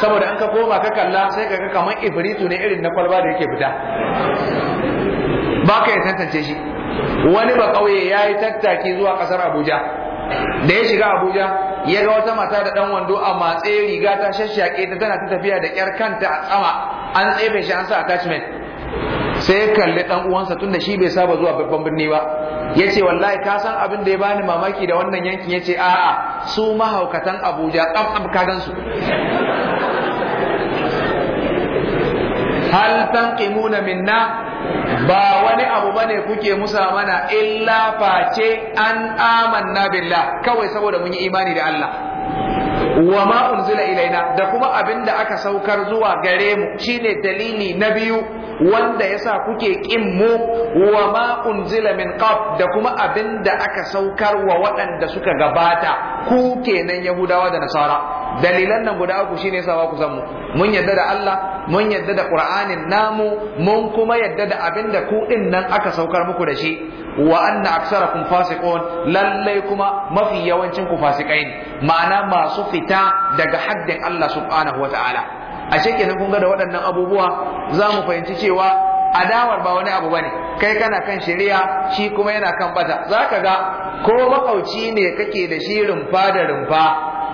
A: saboda an ka koma ka kalla sai ka ga kamar ibritu ne irin na kwalba da yake fita ba ka yi tantance shi wani ba kauye ya yi tattaki zuwa kasar abuja da ya shiga abuja ya ga wata mata da dan wando a matse riga ta shashshake ta tana ta tafiya da kyar kanta a tsama, an tsefe shi an sa attachment sai ya kalli dan uwansa tunda shi bai saba zuwa babban birni ba ya ce wallahi ka san abin da ya bani mamaki da wannan yankin ya ce a'a su mahaukatan abuja tsam ka gan hal tanqimuna minna ba wani abu bane kuke musa mana illa face an amanna billah kawai saboda mun yi imani da Allah wa ma unzila ilaina da kuma abin da aka saukar zuwa gare mu shine dalili na biyu wanda yasa kuke kin mu wa ma unzila min qab da kuma abinda aka saukar wa waɗanda suka gabata ku kenan yahudawa da nasara dalilan nan guda uku shine yasa ku san mu mun yadda da Allah mun yadda da Qur'anin namu mun kuma yadda da abinda ku din nan aka saukar muku da shi wa anna aksarakum fasiqun lallai kuma mafi yawancin ku fasikai ne ma'ana masu fita daga haddin Allah subhanahu wataala a cikin kun ga da waɗannan abubuwa za mu fahimci cewa adawar ba wani abu bane kai kana kan shari'a shi kuma yana kan bata zaka ga ko makauci ne kake da shi rumfa da rumfa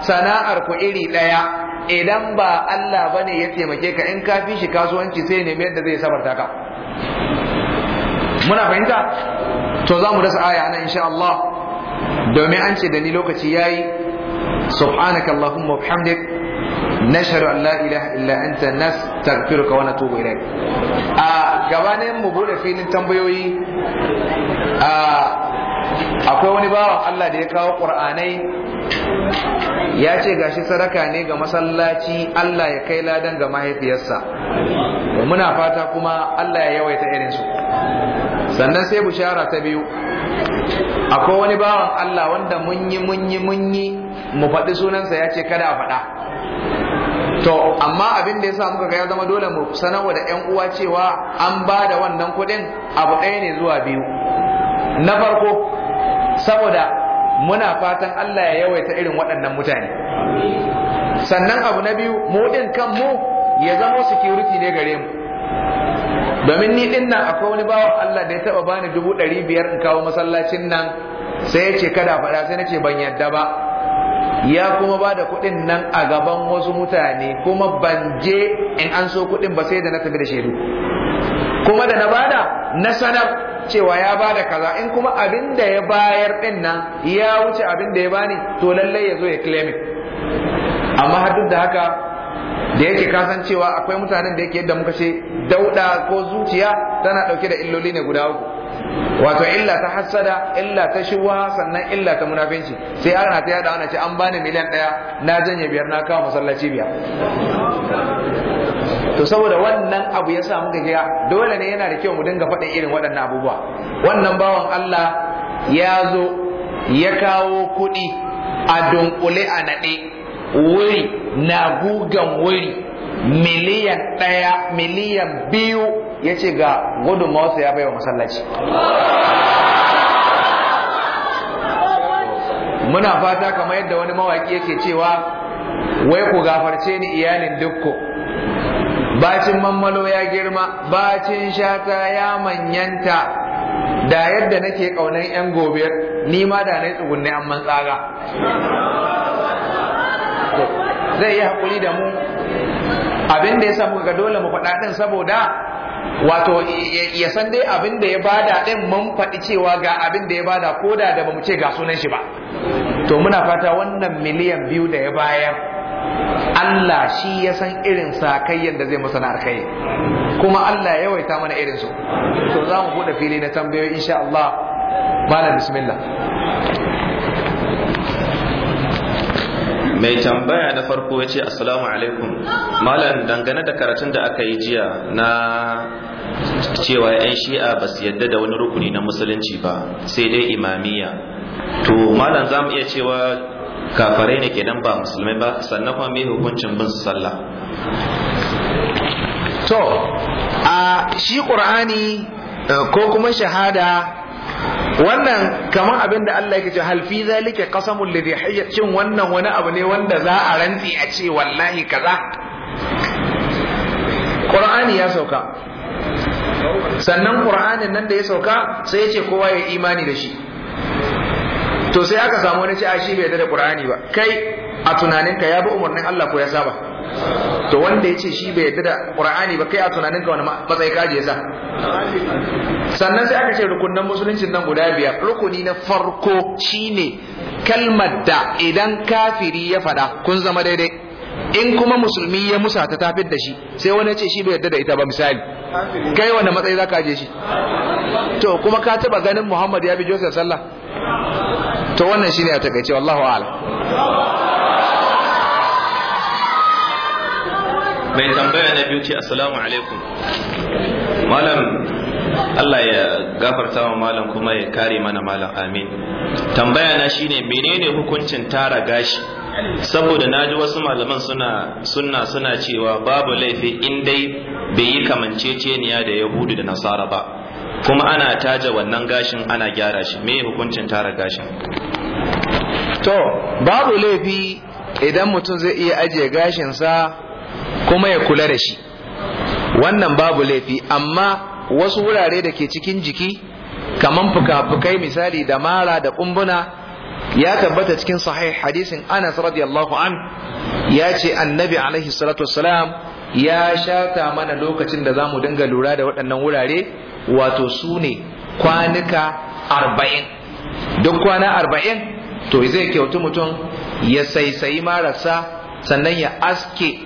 A: sana'ar ku iri daya idan ba Allah bane ya taimake ka in ka fi shi kasuwanci sai ne yadda zai sabarta ka muna fahimta to za mu dasa aya nan insha Allah domin an ce da ni lokaci yayi subhanakallahumma wa bihamdika nashhadu an la illa anta nastaghfiruka wa natubu a gabanin mu bude filin tambayoyi a akwai wani bawan Allah da ya kawo qur'anai ya ce gashi sadaka ne ga masallaci Allah ya kai ladan ga mahaifiyarsa muna fata kuma Allah ya yawaita irin su. sannan sai bushara ta biyu akwai wani bawan Allah wanda munyi yi munyi mu faɗi sunansa ya ce kada a faɗa to amma abin da sa muka ga ya zama dole mu sanarwa da yan uwa cewa an ba da wannan kuɗin abu ɗaya ne zuwa biyu na farko saboda muna fatan Allah ya yawaita irin waɗannan mutane sannan abu na biyu mu ɗin kanmu ya zama security ne gare mu domin ni ɗin nan akwai wani bawa Allah da ya taɓa bani dubu ɗari biyar in kawo masallacin nan sai ya ce kada faɗa sai na ce ban yadda ba ya kuma ba da kuɗin nan a gaban wasu mutane kuma ban je in an so kuɗin ba sai da na tafi da shaidu kuma da na bada na sanar cewa ya bada kaza in kuma abin da ya bayar din nan ya wuce abin da ya bani to lallai ya zo ya claim amma har duk da haka da yake kasan cewa akwai mutanen da yake yadda muka ce dauda ko zuciya tana ɗauke da illoli ne guda uku wato illa ta hassada illa ta shuwa sannan illa ta munafinci sai ana ta yada ana ce an bani miliyan daya na janye biyar na kawo masallaci biyar to saboda wannan abu ya sa muka kira dole ne yana da kyau mu dinga faɗin irin waɗannan abubuwa wannan bawan Allah ya zo ya kawo kuɗi a dunkule a naɗe wuri na gugan wuri miliyan ɗaya miliyan biyu ya ce ga mawasa ya bai wa masallaci muna fata kamar yadda wani mawaki yake cewa wai ku gafarce ni iyalin dukko bacin mammalo ya girma bacin shata ya manyanta da yadda nake kaunan yan gobe ni ma da na tsugunne an man zai yi haƙuri da mu abin da ya samu ga dole mu faɗaɗin saboda wato ya san dai abin da ya bada din mun faɗi cewa ga abin da ya bada ko da da bamu ce ga sunan shi ba to muna fata wannan miliyan biyu da ya bayar Allah shi ya san irin sakayyan da zai masa na kuma Allah ya yawaita mana irin su to zamu mu bude fili na tambayoyi insha Allah malam bismillah
D: mai tambaya na farko ya ce asalamu alaikum malam dangane da karatun da aka yi jiya na cewa 'yan shi'a ba su yadda da wani rukuni na musulunci ba sai dai imamiya, to malam za mu iya cewa kafarai ne kenan ba musulmai ba sannan kuma mai hukuncin bin sallah
A: to a shi ƙur'ani eh, ko kuma shahada wannan kamar abin da Allah yake ce halfi fi zalika qasamul ladhi hayya cin wannan wani abu ne wanda za a rantsi a ce wallahi kaza Qur'ani ya sauka sannan Qur'anin nan da ya sauka sai ya ce kowa ya imani da shi to sai aka samu wani ce a shi bai da Qur'ani ba kai a tunaninka ya bi umarnin Allah ko ya saba to wanda ya ce shi bai yadda da Qur'ani ba kai a tunaninka wani matsayi kaje sa? sannan sai aka ce rukunan musuluncin nan guda biyar rukuni na farko shine kalmar da idan kafiri ya faɗa kun zama daidai in kuma musulmi ya musa ta tafid da shi sai wani ya ce shi bai yadda da ita ba misali kai wanda matsayi zaka je shi to kuma ka taba ganin Muhammad ya bi Joseph sallah to wannan shine a takaice wallahu a'lam
D: mai tambaya na biyu ce assalamu alaikum malam Allah ya gafarta wa malam kuma ya kare mana malam amin tambaya na shine menene hukuncin tara gashi saboda na ji wasu malaman suna suna suna cewa babu laifi in dai bai yi kamanceceniya da yahudu da nasara ba kuma ana taja wannan gashin ana gyara shi me hukuncin tara gashin
A: to babu laifi idan mutum zai iya ajiye gashinsa kuma ya kula da shi wannan babu laifi amma wasu wurare da ke cikin jiki kamar fuka-fukai misali da mara da kumbuna ya tabbata cikin sahih hadisin anas radiyallahu an ya ce annabi alaihi salatu wassalam ya shata mana lokacin da za mu dinga lura da waɗannan wurare wato su ne kwanuka arba'in duk kwana arba'in to zai kyautu mutum ya saisayi marasa sannan ya aske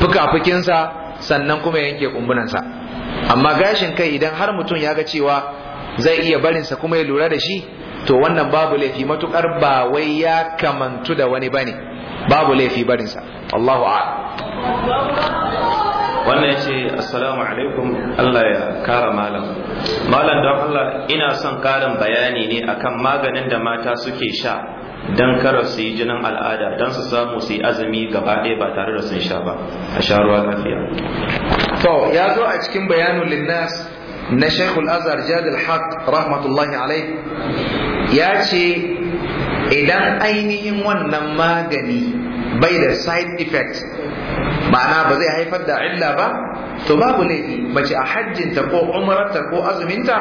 A: fuka-fukinsa sannan kuma yanke kumbunansa amma gashin kai idan har mutum ya ga cewa zai iya barinsa kuma ya lura da shi to wannan babu laifi matukar ba wai ya kamantu da wani bane babu laifi barinsa Allahu a'lam
D: wannan ce assalamu alaikum Allah ya kara malam malam don Allah ina son karin bayani ne akan maganin da mata suke sha don kara su yi jinin al'ada don su samu su yi azumi gaba ɗaya ba tare da sun sha ba a sha ruwa lafiya to ya zo a cikin bayanin linnas na shaykhul
A: azhar jadil haq rahmatullahi alai ya ce idan ainihin wannan magani bai da side effect ma'ana ba zai haifar da illa ba to babu laifi mace a hajjinta ko umaranta ko azuminta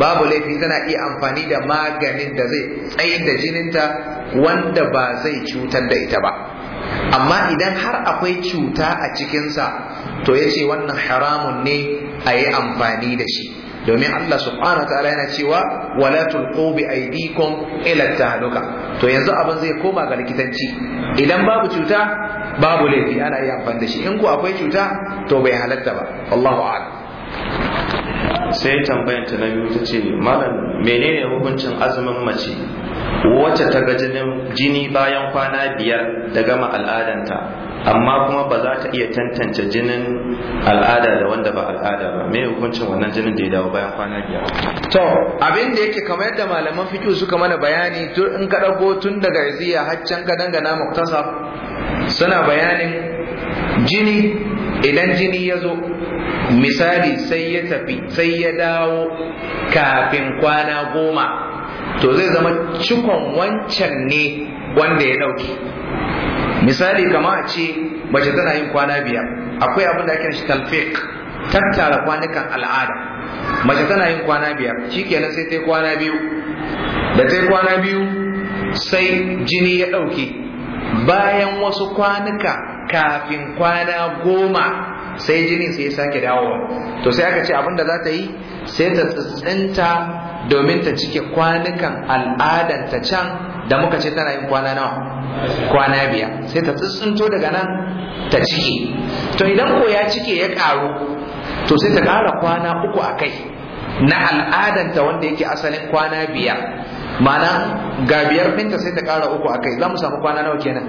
A: babu laifi tana iya amfani da maganin da zai tsayar da jininta wanda ba zai cutar da ita ba amma idan har akwai cuta a cikinsa to ya ce wannan haramun ne a yi amfani da shi domin Allah subhanahu wa ta'ala yana cewa wala tulqu bi aydikum ila tahluka to yanzu abin zai koma ga likitanci idan babu cuta babu laifi ana iya amfani da shi in ko
D: akwai cuta to bai halatta ba Allahu a'lam sai tambayar ta na biyu ta ce malam menene hukuncin azumin mace wacce ta ga jini bayan kwana biyar da gama al'adanta amma kuma ba za ta iya tantance jinin al'ada da wanda ba al'ada ba me hukuncin wannan jinin da ya dawo bayan kwana biyar to abin da yake kamar yadda malaman fiqh suka mana bayani tun in ka dago tun
A: daga iziya haccan ka dangana muktasa suna bayanin jini idan jini ya zo misali sai ya tafi sai ya dawo kafin kwana goma to zai zama cikon wancan ne wanda ya dauke misali kama a ce mace tana yin kwana biyar akwai abin da ake shi talfik tattara kwanukan al'ada mace tana yin kwana biyar shikenan sai ta kwana biyu da ta kwana biyu sai jini ya dauke bayan wasu kwanuka kafin kwana goma sai jini sai ya sake dawo to sai aka ce abin da za ta yi sai ta tsitsinta domin ta cike kwanukan al'adar ta can da muka ce tana yin kwana nawa kwana biya sai ta tsitsinto daga nan ta cike to idan ko ya cike ya karu to sai ta kara kwana uku a kai na al'adanta wanda yake asalin kwana biya mana ga biyar ɗinta sai ta kara uku akai kai za mu samu kwana nawa kenan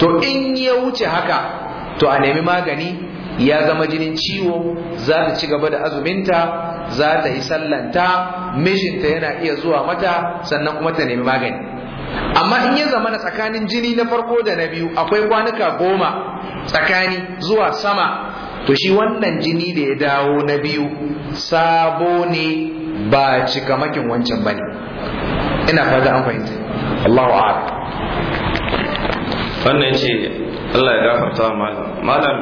A: to in ya wuce haka to a nemi magani ya zama jinin ciwo za ta ci gaba da azuminta za ta yi sallanta mijinta yana iya zuwa mata sannan kuma ta nemi magani amma in ya zama na tsakanin jini na farko da na biyu akwai kwanuka goma tsakani zuwa sama to shi wannan jini da ya dawo na biyu sabo ne ba cikamakin wancan bane ina fata an fahimta Allahu a'lam
D: wannan ce Allah ya gafarta malam malam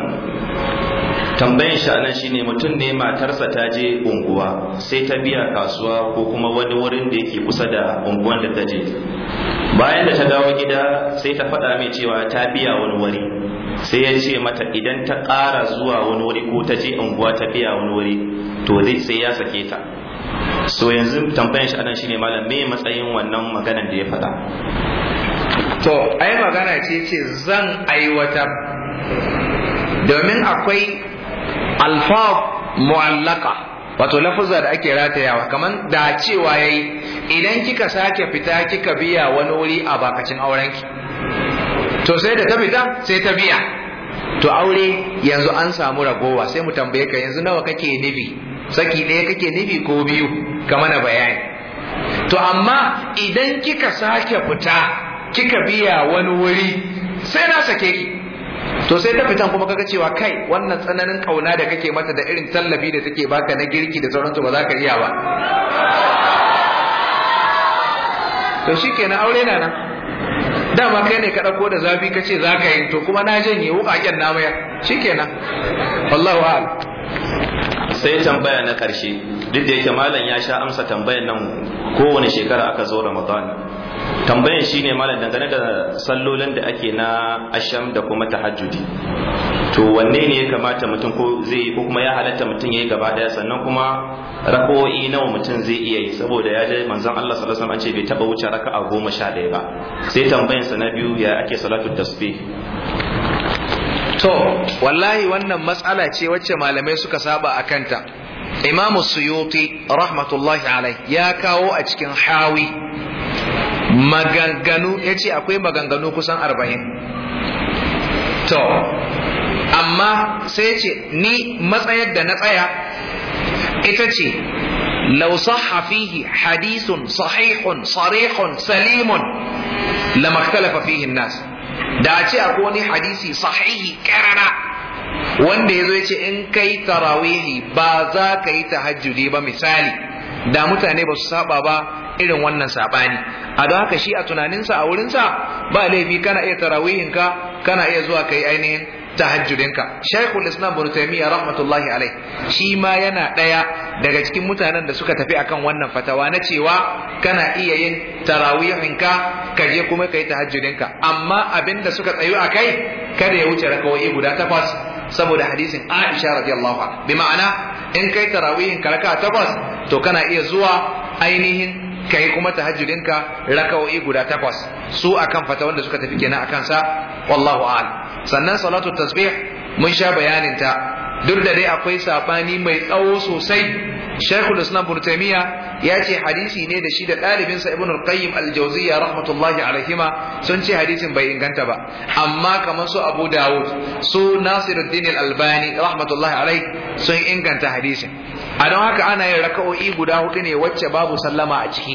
D: tambayin shi anan shine mutum ne matarsa ta je unguwa sai ta biya kasuwa ko kuma wani wurin da yake kusa da unguwan da ta je bayan da ta dawo gida sai ta faɗa mai cewa ta biya wani wuri sai ya ce mata idan ta ƙara zuwa wani wuri ko ta je unguwa ta biya wani wuri to dai sai ya sake ta so yanzu tambayan shi anan shine malam me matsayin wannan maganar da ya faɗa
A: to ai magana ce ce zan aiwatar domin akwai alfab mu'allaka wato lafaza da ake ratayawa kaman da cewa yayi idan kika sake fita kika biya wani wuri a bakacin aurenki to sai da ta fita sai ta biya to aure yanzu an samu ragowa sai mu tambaye ka yanzu nawa kake nibi saki ɗaya kake nibi ko biyu ka mana bayani to amma idan kika sake fita kika biya wani wuri sai na sake ki to sai ta fitan kuma kaga cewa kai wannan tsananin kauna da kake mata da irin tallafi da take baka na girki da sauransu ba za ka iya ba to shikenan aure na nan dama kai ne ka dauko da zafi kace za ka yi to kuma na janye wukaken na ke shikenan
D: wallahu a'lam sai tambaya na karshe duk da yake malam ya sha amsa tambayar nan kowane shekara aka zo Ramadan tambayar ne malam dangane da sallolin da ake na asham da kuma tahajjudi to wanne ne ya kamata mutum ko zai ko kuma ya halatta mutum ya yi gaba daya sannan kuma rako'i nawa mutum zai iya yi saboda ya je manzon Allah sallallahu alaihi an ce bai taba wuce raka'a goma sha ɗaya ba sai tambayar sa na biyu ya ake salatu tasbih to wallahi
A: wannan matsala ce wacce malamai suka saba a kanta imamu suyuti rahmatullahi alai ya kawo a cikin hawi maganganu ya ce akwai maganganu kusan arba'in to
D: amma
A: sai ce ni matsayar da na tsaya ita ce lausaha fihi hadisun sahihun sarihun salimun lamaktalafa fihin nas da a ce akwai wani hadisi sahihi karara wanda ya zo ya ce in kai tarawihi ba za ka yi tahajjudi ba misali da mutane ba su saba ba irin wannan sabani a don haka shi a tunaninsa a wurinsa ba laifi kana iya tarawihinka kana iya zuwa kai ainihin tahajjudinka shaykhul islam ibn Taimiyya rahmatullahi alai shi ma yana daya daga cikin mutanen da suka tafi akan wannan fatawa na cewa kana iya yin tarawihinka ka je kuma kai ka. amma abin da suka tsayu kai kada ya wuce rakawai guda takwas saboda hadisin Aisha radiyallahu anha bi ma'ana in kai tarawihin ka raka takwas to kana iya zuwa ainihin kai kuma tahajjudinka raka'o'i guda takwas su akan fata wanda suka tafi kenan akan sa wallahu a'lam sannan salatu tasbih mun sha bayanin ta duk da dai akwai sabani mai tsawo sosai Sheikhul Islam Ibn ya ce hadisi ne da shi da ɗalibin sa Ibn Al-Qayyim Al-Jawziyya rahmatullahi alaihima sun ce hadisin bai inganta ba amma kamar su Abu Dawud su Nasiruddin Al-Albani rahmatullahi alaih sun inganta hadisin a don haka ana yin raka'o'i guda hudu ne wacce babu sallama a ciki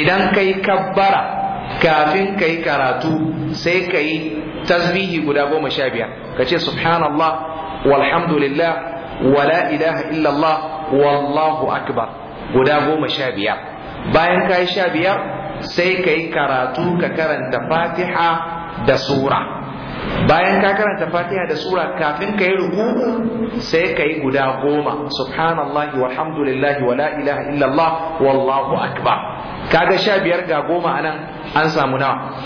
A: idan kai kabbara kafin kai karatu sai kai tasbihi guda goma sha biyar ka ce subhanallah walhamdulillah wala ilaha illallah wallahu akbar guda goma sha biyar bayan ka yi sha biyar sai ka yi karatu ka karanta fatiha da sura bayan ka karanta fatiha da sura kafin ka yi ruku'u sai ka yi guda goma subhanallahi walhamdulillahi wala ilaha illallah wallahu akbar kaga sha biyar ga goma nan an samu nawa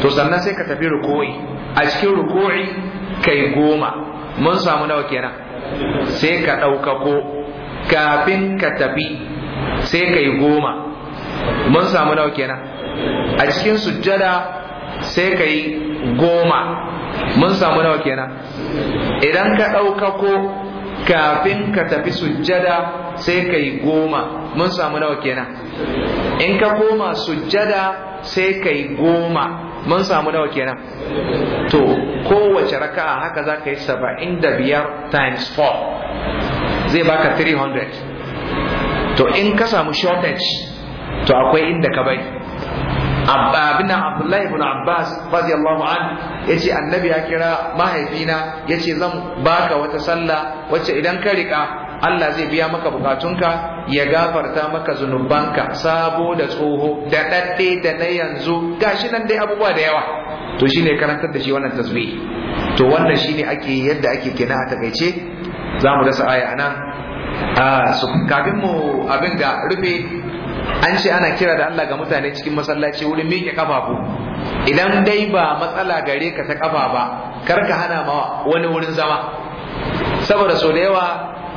A: to sannan sai ka tafi Rukoi. a cikin ruko'i kai goma mun samu nawa kenan sai ka ɗaukako kafin ka tafi sai ka yi goma mun samu nawa kenan a cikin sujjada sai ka yi goma mun samu nawa kenan idan ka ɗaukako kafin ka tafi sujjada sai ka yi goma mun samu nawa kenan in ka koma sujjada sai ka yi goma mun samu nawa kenan to kowace raka'a haka za ka yi saba'in da biyar times four zai baka 300 to in ka samu shortage to akwai inda ka bai abin abdullahi ibn abbas radiyallahu an yace annabi ya kira mahaifina yace zan baka wata sallah wacce idan ka riƙa. Allah zai biya maka bukatunka ya gafarta maka zunubanka sabo da tsoho da dadde da na yanzu gashi nan dai abubuwa da yawa to shine karantar da shi wannan tasbih to wannan shine ake yadda ake kina a takaice zamu dasa aya anan kafin mu abin ga rufe an ce ana kira da Allah ga mutane cikin masallaci wurin miƙe kafafu idan dai ba matsala gare ka ta kafa ba kar ka hana ma wani wurin zama saboda so da yawa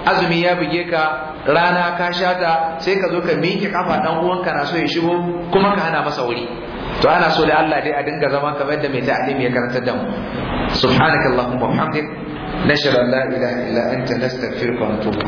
A: azumi ya buge ka rana ka shata sai ka zo ka miƙe kafa dan uwanka na so ya shigo kuma ka hana masa wuri to ana so da Allah dai a dinga zaman kamar da mai ta'alimi ya karanta da mu subhanakallahumma wa bihamdik nashhadu an la ilaha illa anta nastaghfiruka wa natubu